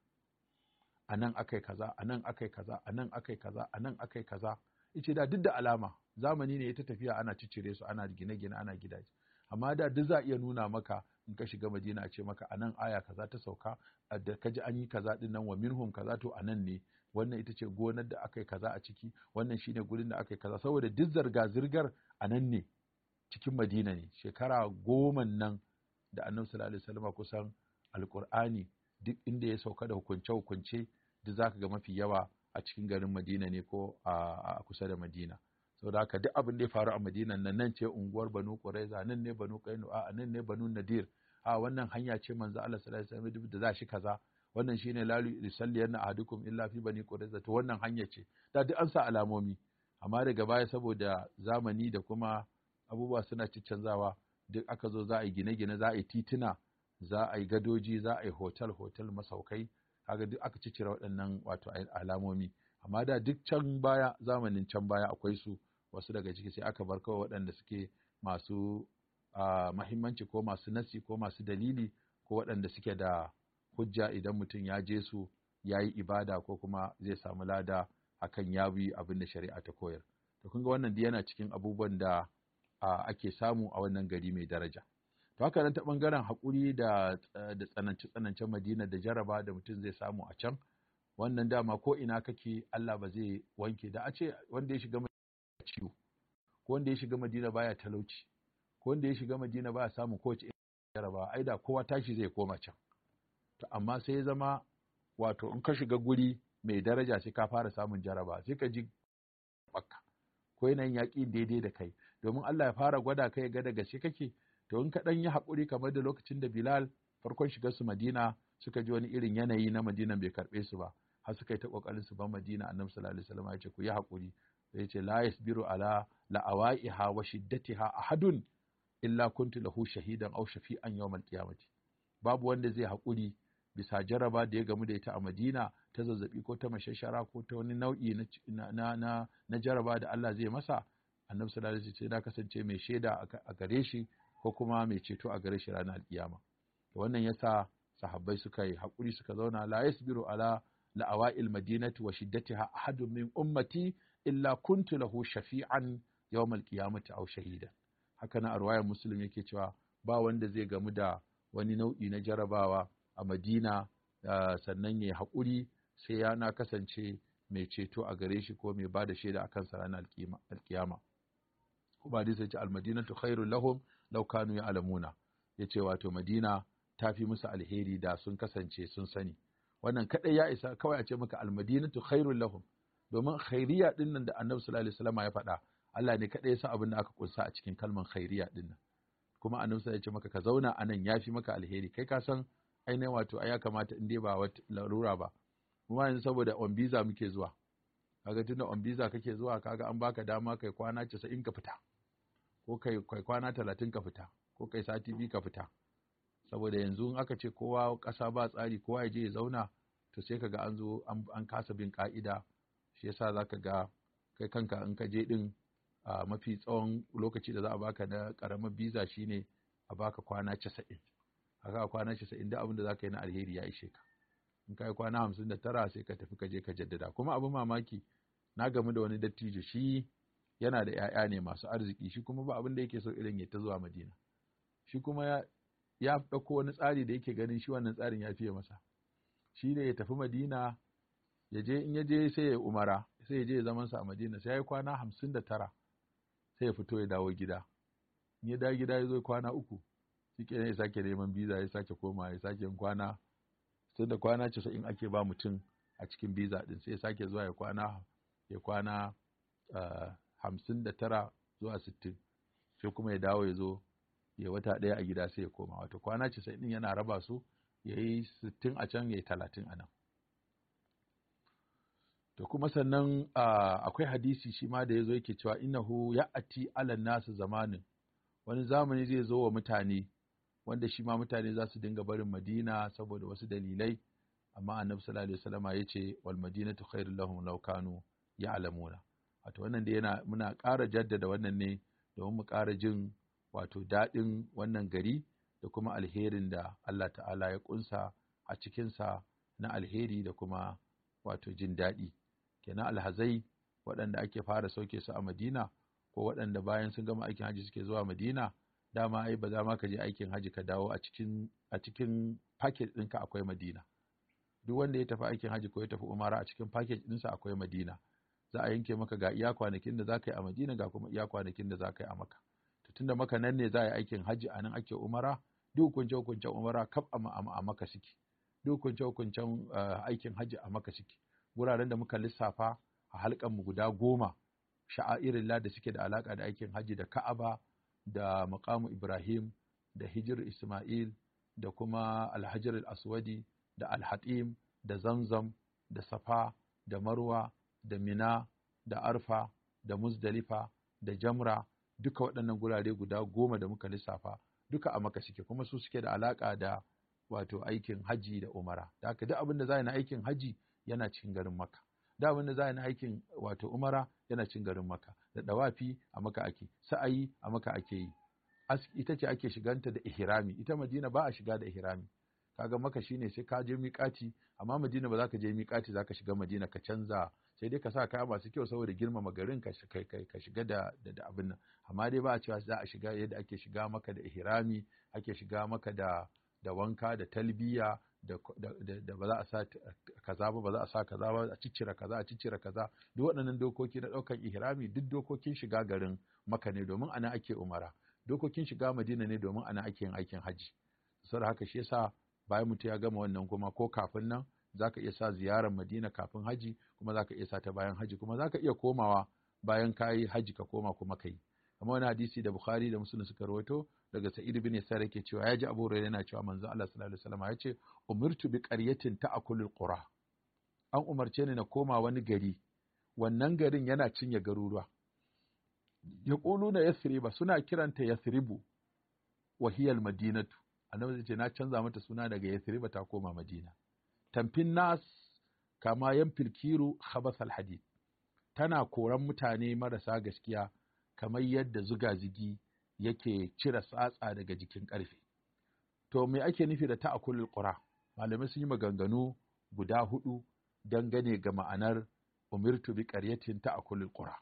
a nan akai kaza a nan akai kaza a nan akai kaza a nan akai kaza yace da duk da alama zamani ne ya ta tafiya ana ciccire su ana gine-gine ana gidaje amma da duk za a iya nuna maka in ka shiga madina a ce maka a nan aya kaza ta sauka da ka ji an yi kaza din nan wa minhum kaza to a nan ne wannan ita ce gonar da aka kaza a ciki wannan shine gurin da aka kaza saboda duk zirga-zirgar a nan ne cikin madina ne shekara goma nan da annabi sallallahu alaihi wasallam kusan alqur'ani duk inda ya sauka da hukunce-hukunce duk zaka ga mafi yawa a cikin garin Madina ne ko a kusa da Madina. Saboda haka duk abin da ya faru a Madina nan nan ce unguwar Banu Quraiza, nan ne Banu a nan ne Banu Nadir. A wannan hanya ce manzo Allah sallallahu alaihi wasallam da za shi kaza. Wannan shine la yusalliyanna ahadukum illa fi bani Quraiza to wannan hanya ce. Da duk an sa alamomi. Amma daga baya saboda zamani da kuma abubuwa suna ci canzawa duk aka zo za a yi gine-gine za a yi titina. za a yi gadoji za a yi hotel hotel masaukai kaga duk aka cicira waɗannan wato alamomi amma da duk can baya zamanin can baya akwai su wasu daga ciki sai aka bar kawai waɗanda suke masu mahimmanci ko masu nasi ko masu dalili ko waɗanda suke da hujja idan mutum ya je su ya yi ibada ko kuma zai samu lada akan ya bi abin da shari'a ta koyar to kun ga wannan yana cikin abubuwan da ake samu a wannan gari mai daraja to haka nan ta bangaren haƙuri da eh, da tsanance tsanance Madina da jaraba da mutum zai samu a can wannan dama ko ina kake Allah ba zai wanke da a ce wanda ya shiga Madina ciwo ko wanda ya shiga Madina baya talauci ko wanda ya shiga Madina baya samu kowace jaraba ai da kowa tashi zai koma can to amma sai ya zama wato in ka shiga guri mai daraja sai ka fara samun jaraba sai ka ji bakka ko yin yaƙi daidai da kai domin Allah ya fara gwada kai ga da gaske kake to in kaɗan yi haƙuri kamar da lokacin da Bilal farkon shiga su Madina suka ji wani irin yanayi na Madina bai karɓe su ba har suka yi ta ƙoƙarin su ban Madina annabi sallallahu alaihi wasallam ya ce ku yi haƙuri sai ce la yasbiru ala la'awaiha wa shiddatiha ahadun illa kuntu lahu shahidan aw shafi'an yawmal qiyamati babu wanda zai haƙuri bisa jaraba da ya gamu da ita a Madina ta zazzabi ko ta mashashara ko ta wani nau'i na na jaraba da Allah zai masa annabi sallallahu alaihi wasallam ya kasance mai shaida a gare shi ko kuma mai ceto a gare shi ranar alkiyama wannan yasa sahabbai suka yi haƙuri suka zauna la yasbiru ala la'awa'il madinati wa shiddatiha ahadun min ummati illa kuntu lahu shafi'an yawmal qiyamati aw shahida haka na arwaya muslim yake cewa ba wanda zai gamu da wani nau'i na jarabawa a madina eh, sannan yayi haƙuri sai ya na kasance mai ceto a gare shi ko mai bada shaida akan sa ranar alƙiyama. ko ba dai sai ce almadinatu khairul lahum laukanu ya alamuna ya ce wato madina ta fi musu alheri da sun kasance sun sani wannan kadai ya isa kawai a ce maka almadinatu khairul lahum domin khairiya dinnan da annabi sallallahu alaihi wasallam ya faɗa Allah ne kadai ya san abin da aka kunsa a cikin kalmar khairiya din kuma annabi sallallahu ya ce maka ka zauna a nan ya fi maka alheri kai ka san ainihin wato ai ya kamata in dai ba wata larura ba kuma yanzu saboda on visa muke zuwa kaga tunda on visa kake zuwa kaga an baka dama kai kwana 90 ka fita ko kai kwana talatin ka fita ko kai sati biyu ka fita saboda yanzu in aka ce kowa ƙasa ba tsari kowa ya je ya zauna to sai kaga an zo an kasa bin ka'ida shi yasa ka ga kai kanka in ka je din a mafi tsawon lokaci da za a baka na karamar biza shine a baka kwana casa'in haka a kwana casa'in da abin da ka yi na alheri ya ishe ka in ka yi kwana hamsin da tara sai ka tafi ka je ka jaddada kuma abin mamaki na gamu da wani dattijo shi yana da ‘ya'ya ne masu arziki shi kuma ba abin da yake so irin ya ta zuwa madina shi kuma ya ɗauko wani tsari da yake ganin shi wannan tsarin ya fiye masa shi ne ya tafi madina ya je in ya je sai ya umara sai ya je zamansa a madina sai ya yi kwana hamsin da tara sai ya fito ya dawo gida in ya dawo gida ya zo kwana uku shi ya sake neman biza ya sake koma ya sake kwana sai da kwana casa'in ake ba mutum a cikin biza din sai ya sake zuwa ya kwana ah, hamsin da tara zuwa sittin sai kuma ya dawo ya zo ya wata ɗaya a gida sai ya koma wato kwana casa'in ɗin yana raba su ya yi sittin a can ya yi talatin a nan to kuma sannan akwai hadisi shi ma da ya zo yake cewa innahu ati alan nasu zamanin wani zamani zai zo wa mutane wanda shi ma mutane za su dinga barin madina saboda wasu dalilai amma annabi sallallahu alaihi wasallama yace wal madinatu khairul lahum law kanu ya'lamuna wato wannan da yana muna ƙara jaddada wannan ne domin mu ƙara jin wato daɗin wannan gari da kuma alherin da Allah ta'ala ya ƙunsa a cikinsa na alheri da kuma wato jin daɗi kenan alhazai waɗanda ake fara sauke su a madina ko waɗanda bayan sun gama aikin haji suke zuwa madina dama ai ba za ma ka je aikin haji ka dawo a cikin a cikin paket ɗinka akwai madina duk wanda ya tafi aikin haji ko ya tafi umara a cikin paket ɗinsa akwai madina za a yanke maka ga iya kwanakin da za ka yi a madina ga kuma iya kwanakin da za ka yi a maka tunda maka nan ne za a yi aikin hajji a nan ake umara duk hukunce hukuncen umara kaf a maka suke duk hukunce hukuncen eh, aikin hajji a maka suke wuraren da muka lissafa a halkan mu guda goma sha'airin da suke da alaka da aikin hajji da ka'aba da maqamu ibrahim da hijir isma'il da kuma alhajar al-aswadi da alhatim da zamzam da safa da marwa da mina da arfa da muzdalifa da jamra duka waɗannan gurare guda goma da muka lissafa duka a maka suke kuma su suke da alaƙa da wato aikin haji da umara da haka duk abin da za yi na aikin haji yana cikin garin maka da abin da za yi na aikin wato umara yana cikin garin maka da ɗawafi a maka ake sa'ayi a maka ake yi ita ce ake shiganta da ihrami ita madina ba a shiga da ihrami kaga maka shine sai ka je miƙati amma madina ba za ka je miƙati za ka shiga madina ka canza sai dai ka sa kaya masu kyau saboda girmama garin ka shiga da abin nan amma dai ba a cewa za a shiga yadda ake shiga maka da ihrami ake shiga maka da wanka da talbiya da ba za a sa kaza ba ba za a sa kaza ba a ciccira kaza a ciccira kaza duk waɗannan dokoki na ɗaukar ihrami duk dokokin shiga garin maka ne domin ana ake umara dokokin shiga madina ne domin ana ake yin aikin haji saboda haka shi yasa bayan mutum ya gama wannan kuma ko kafin nan Za ka iya sa ziyarar Madina kafin haji kuma za ka iya sa ta bayan haji kuma za ka iya komawa bayan kayi haji ka koma kuma kai kamar wani hadisi da Bukhari da musulun suka rawaito daga Sa'id bin Yasar yake cewa ya ji Abu yana cewa manzo Allah sallallahu alaihi wasallam ya ce umirtu bi qaryatin ta'kulul qura an umarce ni na koma wani gari wannan garin yana cinye garuruwa na yathriba suna kiranta yathribu wa madinatu annabi zai ce na canza mata suna daga yathriba ta koma madina Tamfin nas kama yan filkiru khabathal tana koran mutane marasa gaskiya kamar yadda zugazigi yake cire tsatsa daga jikin karfe. to me ake nufi da ta'akulul qura malamai sun yi maganganu guda hudu dangane ga ma'anar umirtu bi qaryatin ta'akulul qura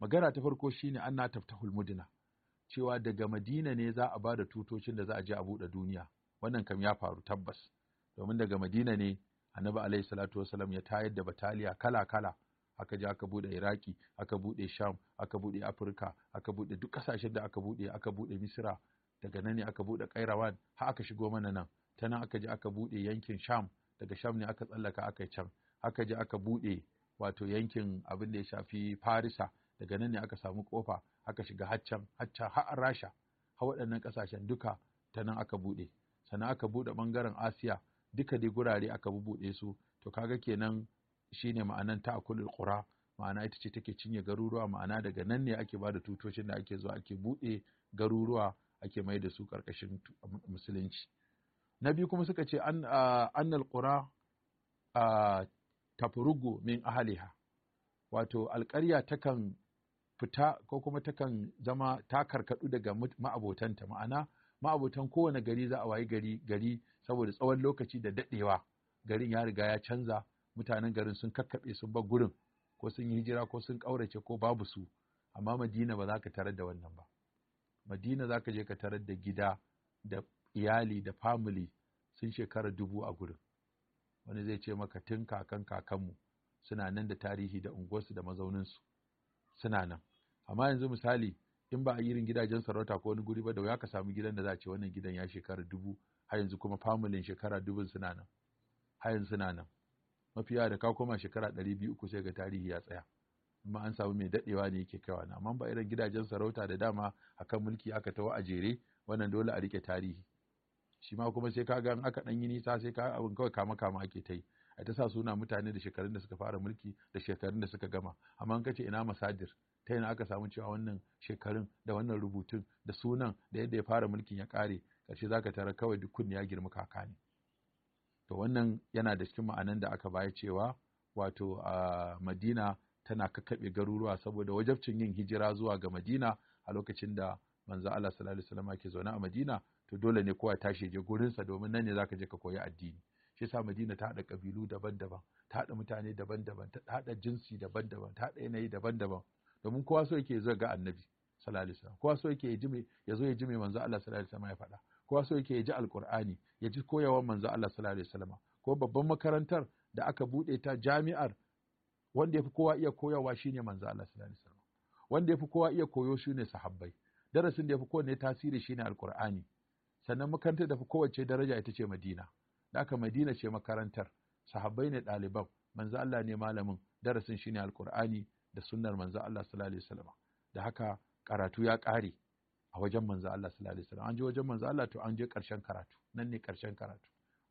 magana ta farko shine anna taftahul mudina cewa daga madina ne za a bada tutocin da za a je a buɗe duniya wannan kam ya faru tabbas domin daga madina ne annabi alaihi salatu wasalam ya tayar da bataliya kala kala aka je aka bude iraki aka bude sham aka bude afirka aka bude duk kasashen da aka bude aka bude misira daga nan ne aka bude kairawan har aka shigo mana nan ta nan aka je aka bude yankin sham daga sham ne aka tsallaka aka can aka je aka bude wato yankin abin da ya shafi farisa daga nan ne aka samu kofa aka shiga haccan har rasha har waɗannan kasashen duka ta nan aka bude sannan aka bude bangaren asiya duka dai gurare aka bubuɗe su to kaga kenan shine ma'anan ta kudin qura ma'ana ita ce take cinye garuruwa ma'ana daga nan ne ake bada tutocin da ake zuwa ake buɗe garuruwa ake mai da su ƙarƙashin um, musulunci na biyu kuma suka ce an annal qura tafurugu min ahaliha wato alƙarya takan fita ko kuma takan zama ta karkadu daga ma'abotanta ma'ana ma'abotan kowane gari za a wayi gari gari saboda tsawon lokaci da daɗewa garin ya riga ya canza mutanen garin sun kakkaɓe sun bar gurin ko sun yi hijira ko sun ƙaurace ko babu su amma madina ba za ka tarar da wannan ba madina za ka je ka tarar da gida da iyali da family sun shekara dubu a gurin wani zai ce maka tun kakan kakanmu suna nan da tarihi da unguwarsu da mazauninsu suna nan amma yanzu misali in ba a yi irin gidajen sarauta ko wani guri ba da wuya ka samu gidan da za a ce wannan gidan ya shekara dubu har yanzu kuma familin shekara dubin suna nan har yanzu suna nan mafiya da ka koma shekara ɗari biyu uku sai ga tarihi ya tsaya amma an samu mai daɗewa ne yake kaiwa na amma ba irin gidajen sarauta da dama akan mulki aka tawo a jere wannan dole a rike tarihi shi ma kuma sai ka ga in aka ɗan yi nisa sai ka abin kawai kama kama ake ta yi a ta sa suna mutane da shekarun da suka fara mulki da shekarun da suka gama amma an kace ina masadir ta yana aka samu cewa wannan shekarun da wannan rubutun da sunan da yadda ya fara mulkin ya kare ƙarshe za ka tara kawai duk kunne ya girma kaka ne to wannan yana da cikin ma'anan da aka baya cewa wato a madina tana kakkaɓe garuruwa saboda wajabcin yin hijira zuwa ga madina a lokacin da manzo Allah sallallahu alaihi wasallam ke zaune a madina to dole ne kowa tashi je gurinsa domin nan ne zaka je ka koyi addini shi yasa madina ta haɗa ƙabilu daban-daban ta haɗa mutane daban-daban ta haɗa jinsi daban-daban ta haɗa yanayi daban-daban domin kowa so yake zuwa ga annabi sallallahu alaihi wasallam kowa so yake ya zo ya ji mai manzo Allah sallallahu alaihi wasallam ya faɗa kowa so yake ya ji alkur'ani ya ji koyawar manzo Allah sallallahu alaihi wasallam ko babban makarantar da aka bude ta jami'ar wanda yafi kowa iya koyawa shine manzo Allah sallallahu alaihi wasallam wanda yafi kowa iya koyo shine sahabbai darasin da yafi kowanne tasiri shine alkur'ani sannan makarantar da fi kowace daraja ita ce Madina da aka Madina ce makarantar sahabbai ne ɗaliban manzo Allah ne malamin darasin shine alkur'ani da sunnar manzo Allah sallallahu alaihi wasallam da haka karatu ya ƙare a wajen manzo Allah sallallahu alaihi wasallam an je wajen manzo Allah to an je karshen karatu nan ne karshen karatu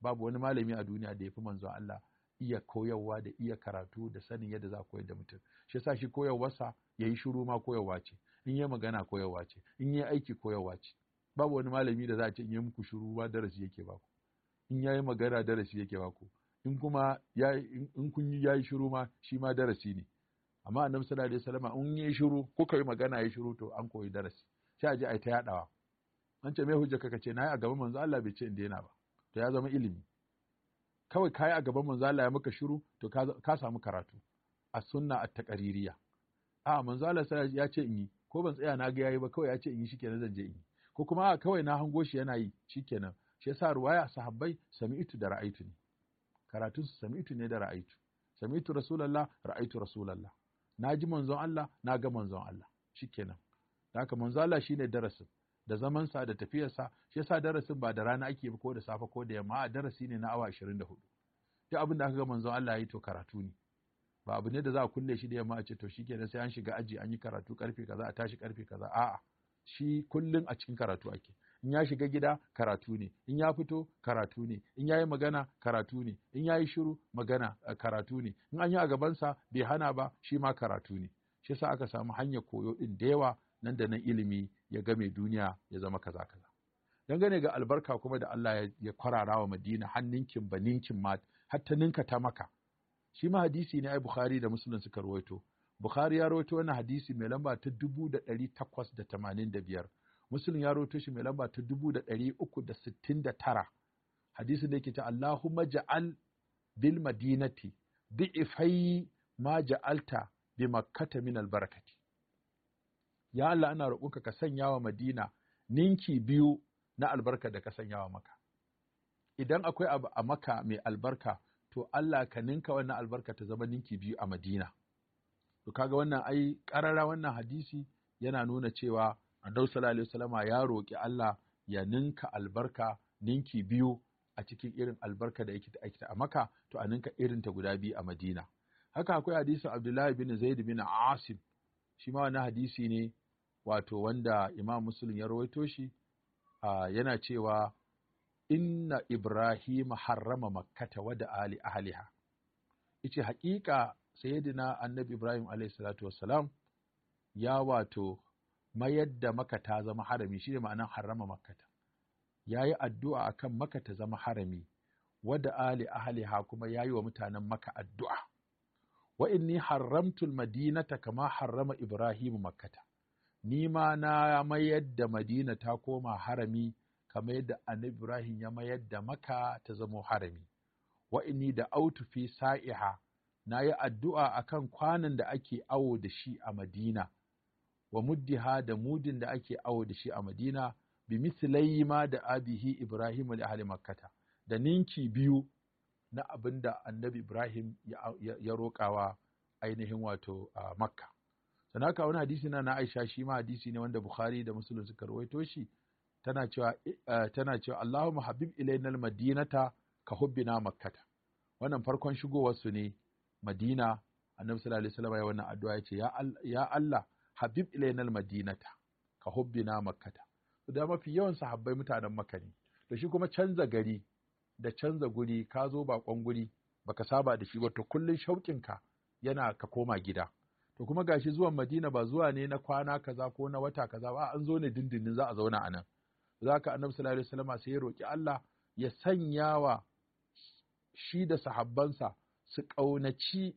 babu wani malami a duniya da yafi manzo Allah iya koyarwa da iya karatu da sanin yadda za a koyar da mutum shi yasa shi koyarwarsa yayi shiru ma koyarwa ce in yi magana koyarwa ce in yi aiki koyarwa ce babu wani malami da za a ce in yi muku shiru ba darasi yake ba ku in yayi magana darasi yake ba ku in kuma ya in kun yi yayi shiru ma shi ma darasi ne amma annabi sallallahu alaihi wasallam in yi shiru kuka yi magana yi shiru to an koyi darasi sai a je a yi ta yaɗawa. an ce me hujja ka ce na yi a gaban manzo Allah bai ce in daina ba to ya zama ilimi kawai ka yi a gaban manzo Allah ya maka shiru to ka samu karatu a sunna a taƙaririya a manzo Allah ya ce in yi ko ban tsaya na ga yayi ba kawai ya ce in yi shikenan zan je in yi ko kuma a kawai na hango shi yana yi shikenan shi yasa ruwaya sahabbai sami'tu da ra'aitu ne karatun su sami'tu ne da ra'aitu sami'tu rasulullah ra'aitu rasulullah na ji manzon Allah na ga manzon Allah shikenan haka manzo Allah shine darasin da zaman sa da tafiyarsa shi yasa darasin ba da rana ake ko da safe ko da yamma a darasi ne na awa 24 duk abin da aka ga manzo Allah yayi to karatu ne ba abu ne da za a kulle shi da yamma a ce to shikenan sai an shiga aji an yi karatu karfe kaza a tashi karfe kaza a'a shi kullun a cikin karatu ake in ya shiga gida karatu ne in ya fito karatu ne in ya yi magana karatu ne in ya yi shiru magana eh, karatu ne in an yi a gaban sa bai hana ba shi ma karatu ne shi sa aka samu hanyar koyo din da yawa nan da nan ilimi ya game duniya ya zama kaza kaza dangane ga albarka kuma da Allah ya kwarara wa Madina hannunkin baninkin ma har ta ninka ta maka shi ma hadisi ne ai Bukhari da Muslim suka rawaito Bukhari ya rawaito wannan hadisi mai lamba ta 1885 Muslim ya rawaito shi mai lamba ta 1369 hadisi da yake ta Allahumma ja'al bil madinati ifai ma ja'alta bi makkata min albarakati ya Allah ana roƙonka ka sanya wa Madina ninki biyu na albarka da ka sanya wa maka idan akwai abu a maka mai albarka to Allah ka ninka wannan albarka ta zama ninki biyu a Madina to kaga wannan ai karara wannan hadisi yana nuna cewa Annabi sallallahu alaihi wasallama ya roƙi Allah ya ninka albarka ninki biyu a cikin irin albarka da yake aikata a maka, to a ninka irin ta guda biyu a Madina haka akwai hadisin Abdullahi bin Zaid bin Asim shi ma wani hadisi ne wato wanda imam Musulun ya rawaito shi yana cewa inna ibrahim harrama makkata wa da ali ahliha yace hakika, sayyidina annabi ibrahim alayhi salatu wassalam ya wato mayar da maka ta zama harami shi ne ma'anar harama makkata ya addu'a akan kan maka ta zama harami wadda ali ahaliha kuma ya yi wa mutanen maka addu'a wa inni haramtul madinata kama harrama ibrahim makkata ni ma na mayar da madina ta koma harami kamar yadda annabi ibrahim ya mayar da maka ta zamo harami wa inni da autu fi sa'iha na yi addu'a akan kwanan da ake awo da shi a madina wa muddiha da mudin da ake awo da shi a madina bi mislayi da abihi ibrahim da ahli makkata da ninki biyu na abin da annabi Ibrahim ya roƙawa ainihin wato a Makka. Sana wani hadisi na na Aisha shi ma hadisi ne wanda Bukhari da Muslim suka rawaito shi tana cewa tana cewa Allahumma habib ilainal madinata ka hubbina makkata. Wannan farkon shigowar su ne Madina Annabi sallallahu alaihi ya wannan addu'a ya ce ya Allah habib ilainar madinata ka hubbina makkata. Da mafi yawan sahabbai mutanen Makka ne. Da shi kuma canza gari da canza guri ka zo bakon guri baka saba da shi ba to kullun ka yana ka koma gida to kuma gashi zuwan Madina ba zuwa ne na kwana kaza ko na wata kaza ba an zo ne dindindin za a zauna anan zaka Annabi sallallahu alaihi wasallam sai ya roki Allah ya sanya wa shi da sahabbansa su ƙaunaci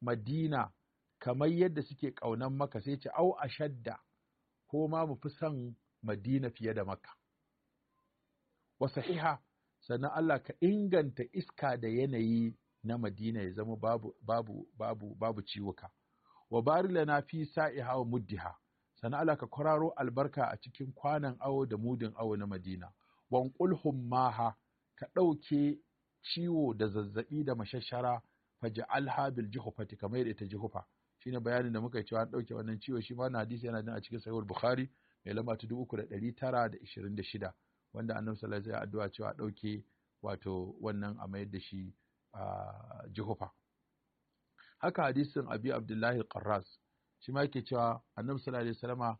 Madina kamar yadda suke ƙaunan maka sai ce au ashadda ko ma mu fi son Madina fiye da maka. Wa sahiha sannan Allah ka inganta iska da yanayi na Madina ya zama babu babu babu babu ciwuka wa bari lana fi sa'iha wa muddiha sannan Allah ka kwararo albarka a cikin kwanan awo da mudin awo na Madina wanqul ha, ka ɗauke ciwo da zazzaɓi da mashashara faj'alha bil juhfati kamar yadda ita Shi shine bayanin da muka yi cewa an ɗauke wannan ciwo shi ma na hadisi yana nan a cikin sahih bukhari mai lamba ta 3926 wanda annabi sallallahu alaihi wasallam addu'a cewa dauke wato wannan a mayar da shi a jihofa haka hadisin abi abdullahi qarras shi ma yake cewa annabi sallallahu alaihi wasallama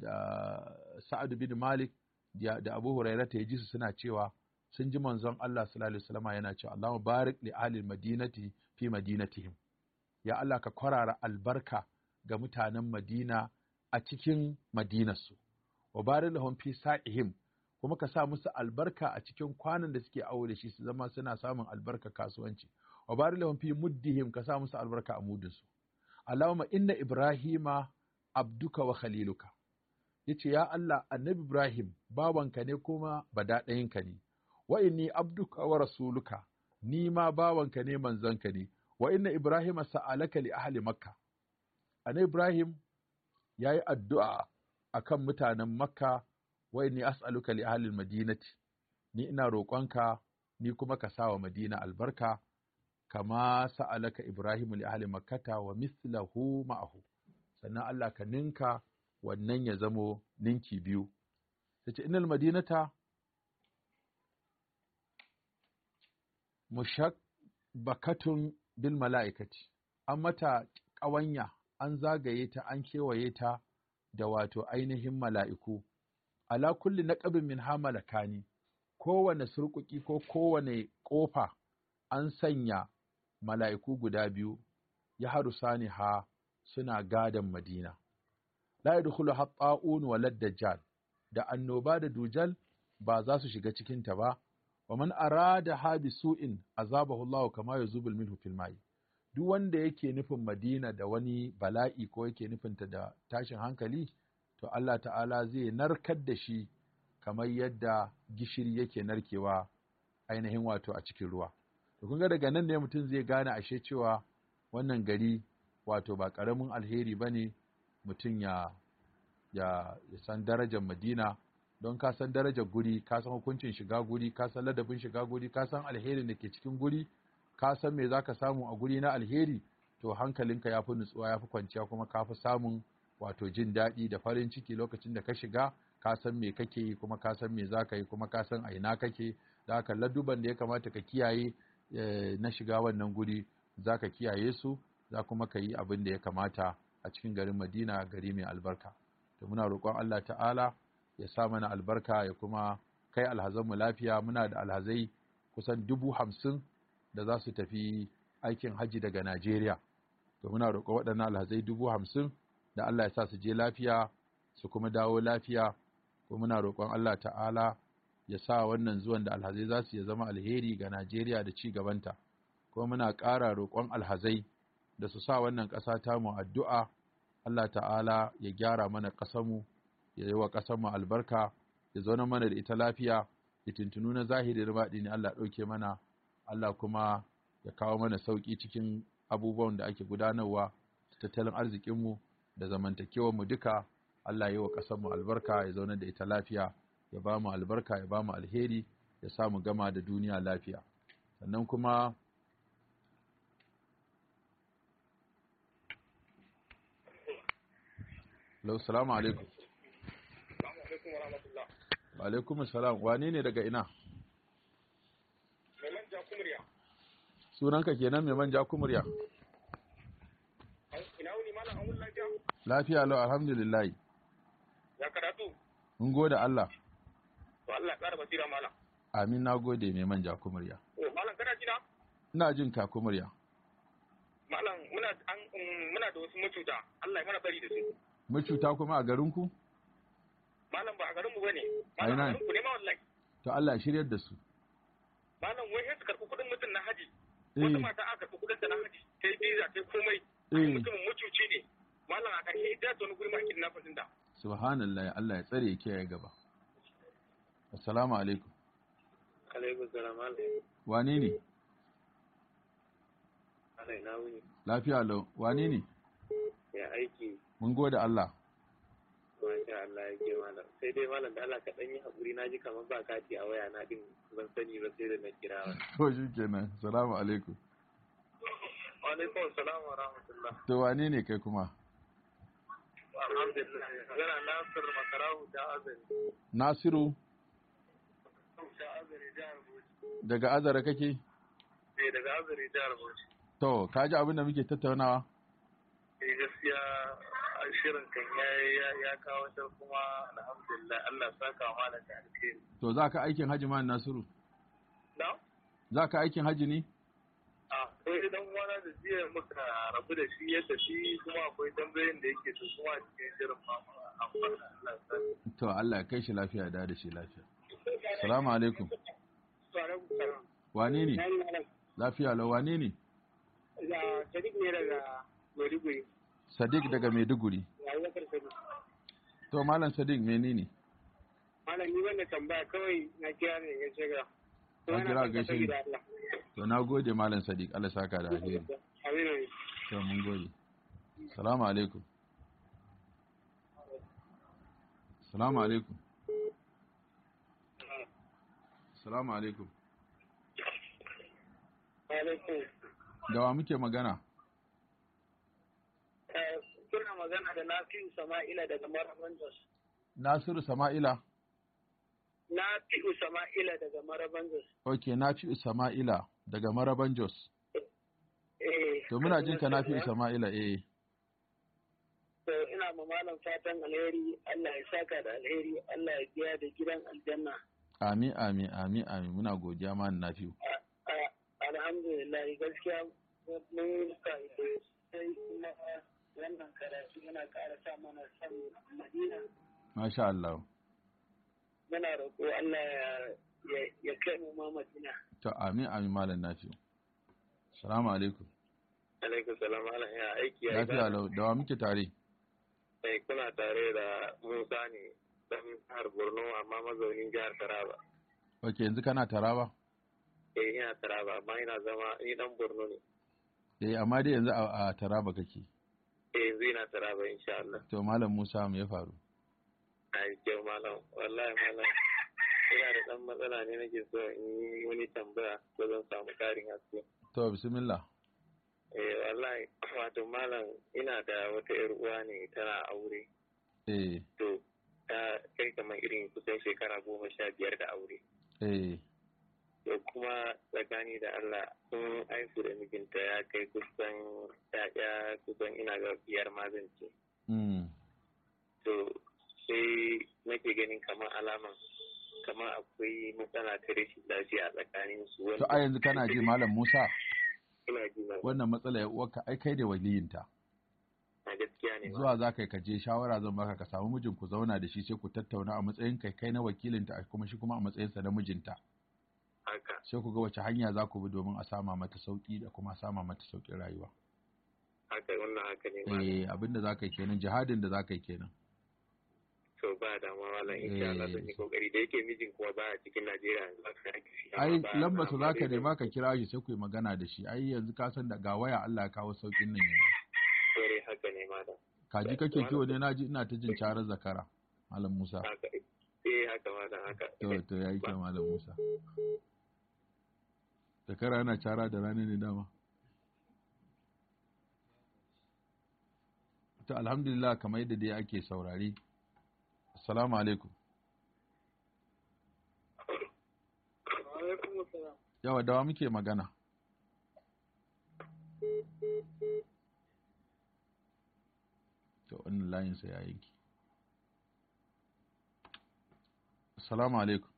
da sa'ad bin malik da abu hurairah ta ji su suna cewa sun ji manzon Allah sallallahu alaihi wasallama yana cewa Allahu barik li ahli madinati fi madinatihim ya Allah ka kwarara albarka ga mutanen Madina a cikin Madinarsu wa barik lahum fi sa'ihim kuma ka sa musu albarka a cikin kwanan da suke awo da shi su zama suna samun albarka kasuwanci wa barik fi muddihim ka sa musu albarka a mudinsu Allahumma inna Ibrahima abduka wa khaliluka yace ya Allah annabi Ibrahim bawanka ne kuma badaɗayinka ne wa inni abduka wa rasuluka ni ma bawanka ne manzanka ne wa inna Ibrahim sa'alaka li ahli makka annabi Ibrahim yi addu'a akan mutanen makka wa ni as'aluka li ahli madinati ni ina roƙonka ni kuma ka sawa madina albarka kama sa'alaka ibrahim li ahli makkata wa mithlahu ma'ahu sannan Allah ka ninka wannan ya zamo ninki biyu tace innal madinata bakatun bil mala'ikati an mata ƙawanya an zagaye ta an kewaye ta da wato ainihin mala'iku, ala kulli na ƙabin min hamalakani, kowane surƙuƙi ko kowane ƙofa an sanya mala'iku guda biyu, ya haru sani ha suna gadon Madina. La yadkhulu haɓa’un walad Jal, da annoba da dujal ba za su shiga cikinta ba, wa man arada ha bi su'in azabahu Allah kama ya minhu min ma'i. duk wanda yake nufin Madina da wani bala'i ko yake nufinta da tashin hankali to Allah ta'ala zai narkar da shi kamar yadda gishiri yake narkewa ainihin wato a cikin ruwa to kun ga daga nan ne mutum zai gane ashe cewa wannan gari wato ba karamin alheri bane ne mutum ya ya san darajar madina don ka san darajar guri ka san hukuncin shiga guri ka san ladabin shiga guri ka san alherin da ke cikin guri ka san me ka samu a guri na alheri to hankalinka ya fi nutsuwa ya fi kwanciya kuma ka fi samun wato jin daɗi da farin ciki lokacin da ka shiga ka san me kake yi kuma ka san me zaka yi kuma ka san a ina kake da haka ladduban da ya kamata ka kiyaye eh, na shiga wannan guri zaka kiyaye su za kuma ka yi abin da ya kamata a cikin garin Madina gari mai albarka to muna roƙon Allah ta'ala ya sa mana albarka ya kuma kai alhazanmu lafiya muna da alhazai kusan dubu hamsin da za su tafi aikin hajji daga Najeriya. To muna roƙo waɗannan alhazai dubu hamsin da Allah ya sa su je lafiya su kuma dawo lafiya ko muna roƙon Allah ta'ala ya sa wannan zuwan da alhazai za su ya zama alheri ga Najeriya da ci gabanta. Ko muna ƙara roƙon alhazai da su sa wannan ƙasa ta mu addu'a Allah ta'ala ya gyara mana ƙasarmu ya yi wa mu albarka ya zauna mana da ita lafiya ya tuntunu na zahiri da baɗi ne Allah ɗauke mana Allah kuma ya kawo mana sauƙi cikin abubuwan da ake gudanarwa tattalin arzikinmu da zamantakewarmu duka Allah ya yi wa ƙasarmu albarka ya zauna da ita lafiya ya ba mu albarka ya ba mu alheri ya sa mu gama da duniya lafiya sannan kuma Allah salamu alaikum. Wa alaikum salam. Wane ne daga ina? sunanka kenan mai manja kumurya lafiya lau alhamdulillahi ya karatu in gode Allah to Allah ƙara basira mala amin na gode mai manja kumurya oh malam kana jina ina jin ka kumurya malam muna an muna da wasu mututa Allah ya mana bari da su mututa kuma a garin ku malam ba a garin mu bane malam a garin ku ne ma wallahi to Allah ya shiryar da su malam wai sai su karɓi kuɗin mutun na haji wata hmm. mata aka karɓi kuɗin ta na haji ta yi biza ta yi komai hmm. mutumin mucuci ne malam a ƙarshe ita ta wani gulma a kidnap ɗin da subhanallah Allah ya tsare ya kiyaye gaba assalamu alaikum alaikum salam wane ne lafiya lau wane ne ya aiki mun gode Allah kuma Allah ya sai dai malam da Allah yi na ji kamar ba kati a waya na ban sani ba sai da na kira <laughs> to shi kenan salamu alaikum to wane ne kai kuma nasiru daga azara kake? Eh daga azara jihar Bauchi. To, ka ji abin da muke tattaunawa? Eh gaskiya shirin kan ya kawo ta kuma alhamdulillah Allah saka ma da alheri. To za ka aikin haji ma Nasiru? Na? Za ka aikin haji ne? A eh idan wani da jiya muka rabu da shi yadda shi kuma akwai tambayoyin da yake su kuma cikin shirin ma To Allah ya kai shi lafiya da da shi lafiya. Salamu alaikum. Wane ne? Lafiya lau wane ne? Da Sadiq ne daga Maiduguri. Sadiq daga Maiduguri. To Malam Sadiq menene? Malam ni wanda tambaya kawai na kira ne ga shiga. Na kira ga shiga. To na gode Malam Sadiq Allah saka da alheri. Amin. To mun gode. Assalamu alaikum. Assalamu alaikum. Assalamu alaikum. Alaikum. Dawa muke magana? suna eh, magana da Nafi'u Sama'ila daga Maraban Jos. Nasiru Sama'ila? Nafi'u Sama'ila daga Maraban Jos. Ok, Nafi'u Sama'ila daga Maraban Jos. Eh. To muna jin ka Nafi'u Sama'ila eh. To ina ma malam fatan alheri, Allah ya saka da alheri, Allah ya biya da gidan aljanna. Amin, amin, amin, amin, muna godiya ma Nafi'u. Alhamdulillah, gaskiya mun ka sai kuma wannan karatu yana ƙara sa mana san madina masha Allah muna roƙo Allah ya kai mu ma madina to amin amin malam nafi assalamu alaikum alaikum salam ala ya aiki ya lafiya lau dawa muke tare eh kuna tare da Musa ne dan har Borno amma mazaunin jihar Taraba Ok, yanzu kana Taraba? Eh, ina Taraba, amma ina zama, ni dan Borno ne. Eh, amma dai yanzu a Taraba kake. eh zai na taraba insha Allah to malam Musa me ya faru ai kyau malam wallahi malam ina da dan matsala ne nake so in yi wani tambaya ko zan samu karin haske to bismillah eh wallahi wato malam ina da wata yar uwa ne tana aure eh to ta kai kamar irin kusan shekara goma sha biyar da aure eh da kuma tsakani da Allah sun aiki da mijinta ya kai kusan ya kusan ina ga biyar mazance. Hmm. To sai nake ganin kamar alama kamar akwai matsala ta rashin lafiya a tsakanin su. To a yanzu kana ji Malam Musa? Ina ji Wannan matsala ya uwarka ai kai da waliyinta. Zuwa za ka ka je shawara zan baka ka samu mijin ku zauna da shi sai ku tattauna a matsayin kai kai na wakilinta kuma shi kuma a matsayinsa na mijinta. sai ku ga wace hanya za ku bi domin a sama mata sauki da kuma sama mata saukin rayuwa haka wannan haka ne eh, abinda za ka yi kenan jihadin da za ka yi kenan to ba da ma Allah zan yi kokari eh. da yake mijin kuma ba a cikin Najeriya yanzu ai lambar za ka nema ka kira shi sai ku yi magana da shi ai yanzu ka san da ga waya Allah ya kawo sauƙin nan yanzu dore haka ne malam kaji kake kiwo ne ina ta jin eh. carar zakara malam Musa eh haka haka to to kyau malam Musa Shekara yana cara da rana ne dama Ta alhamdulillah kamar yadda dai ake saurari assalamu alaikum yawa dawa muke magana Ta wani layinsa ya yanki assalamu alaikum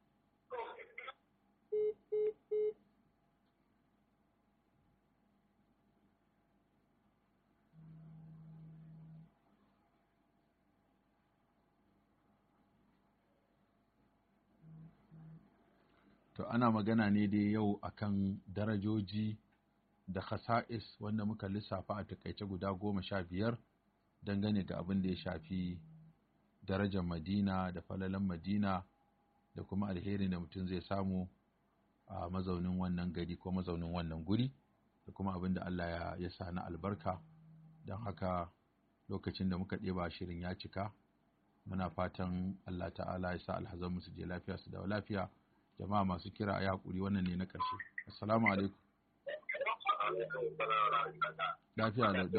To ana magana ne da yau akan darajoji da khasa'is wanda muka lissafa a takaice guda goma sha biyar dangane da abin da ya shafi darajar Madina da falalan Madina da kuma alherin da mutum zai samu a mazaunin wannan gari ko mazaunin wannan guri da kuma abin da Allah ya sa na albarka don haka lokacin da muka ɗeba shirin ya cika muna fatan Allah ta'ala ya sa alhazanmu su je lafiya su dawo lafiya jama'a masu kira a yakuri wannan ne na ƙarshe assalamu alaikum lafiya da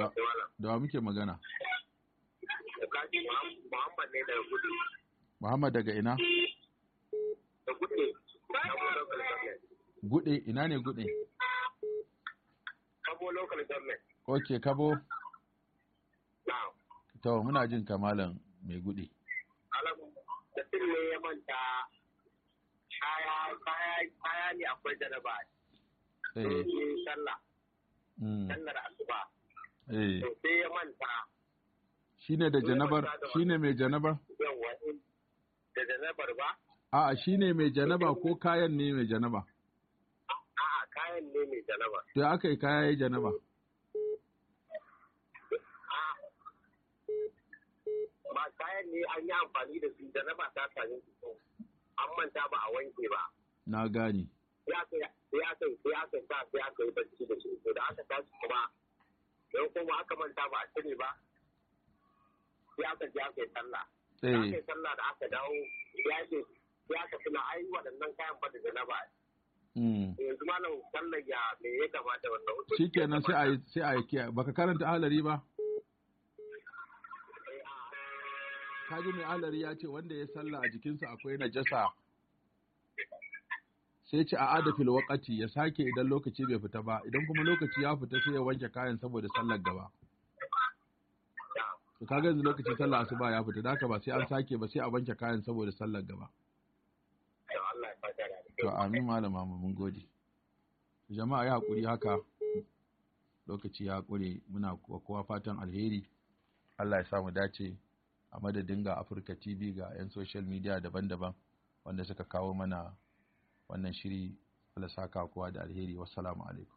da muke magana Muhammad daga ina? Gude, ina ne gude? Kabo Ok, kabo? To, muna jin kamalan mai gude. shine da janabar shine mai janabar eh, da janabar ba a a'a shine mai janaba ko kayan ne mai janaba a a kayan ne mai janaba to aka yi kaya ya janaba ba kayan ne an yi amfani da su janaba ta sami su an manta ba a wanke ba na gani da eh. aka sallah da aka dawo ya ce ya ka tuna ai waɗannan kayan ba da na janaba hmm. yanzu malam sallar ya me ya kamata wannan hukunci shikenan sai a yi sai a yi baka karanta ahalari ba kaji mai alari ya ce wanda ya sallah a jikinsa akwai najasa sai ce a adafil wakati ya sake idan lokaci bai fita ba idan kuma lokaci ya fita sai ya wanke kayan saboda sallar gaba kaga yanzu lokaci sallah asuba ya fita da haka ba sai an sake ba sai a wanke kayan saboda sallar gaba to amin malama mu mun gode jama'a ya hakuri haka lokaci ya hakuri muna kowa fatan alheri Allah ya sa mu dace a madadin ga Afirka TV ga 'yan social media daban-daban wanda suka kawo mana wannan shiri Allah saka kowa da alheri wassalamu alaikum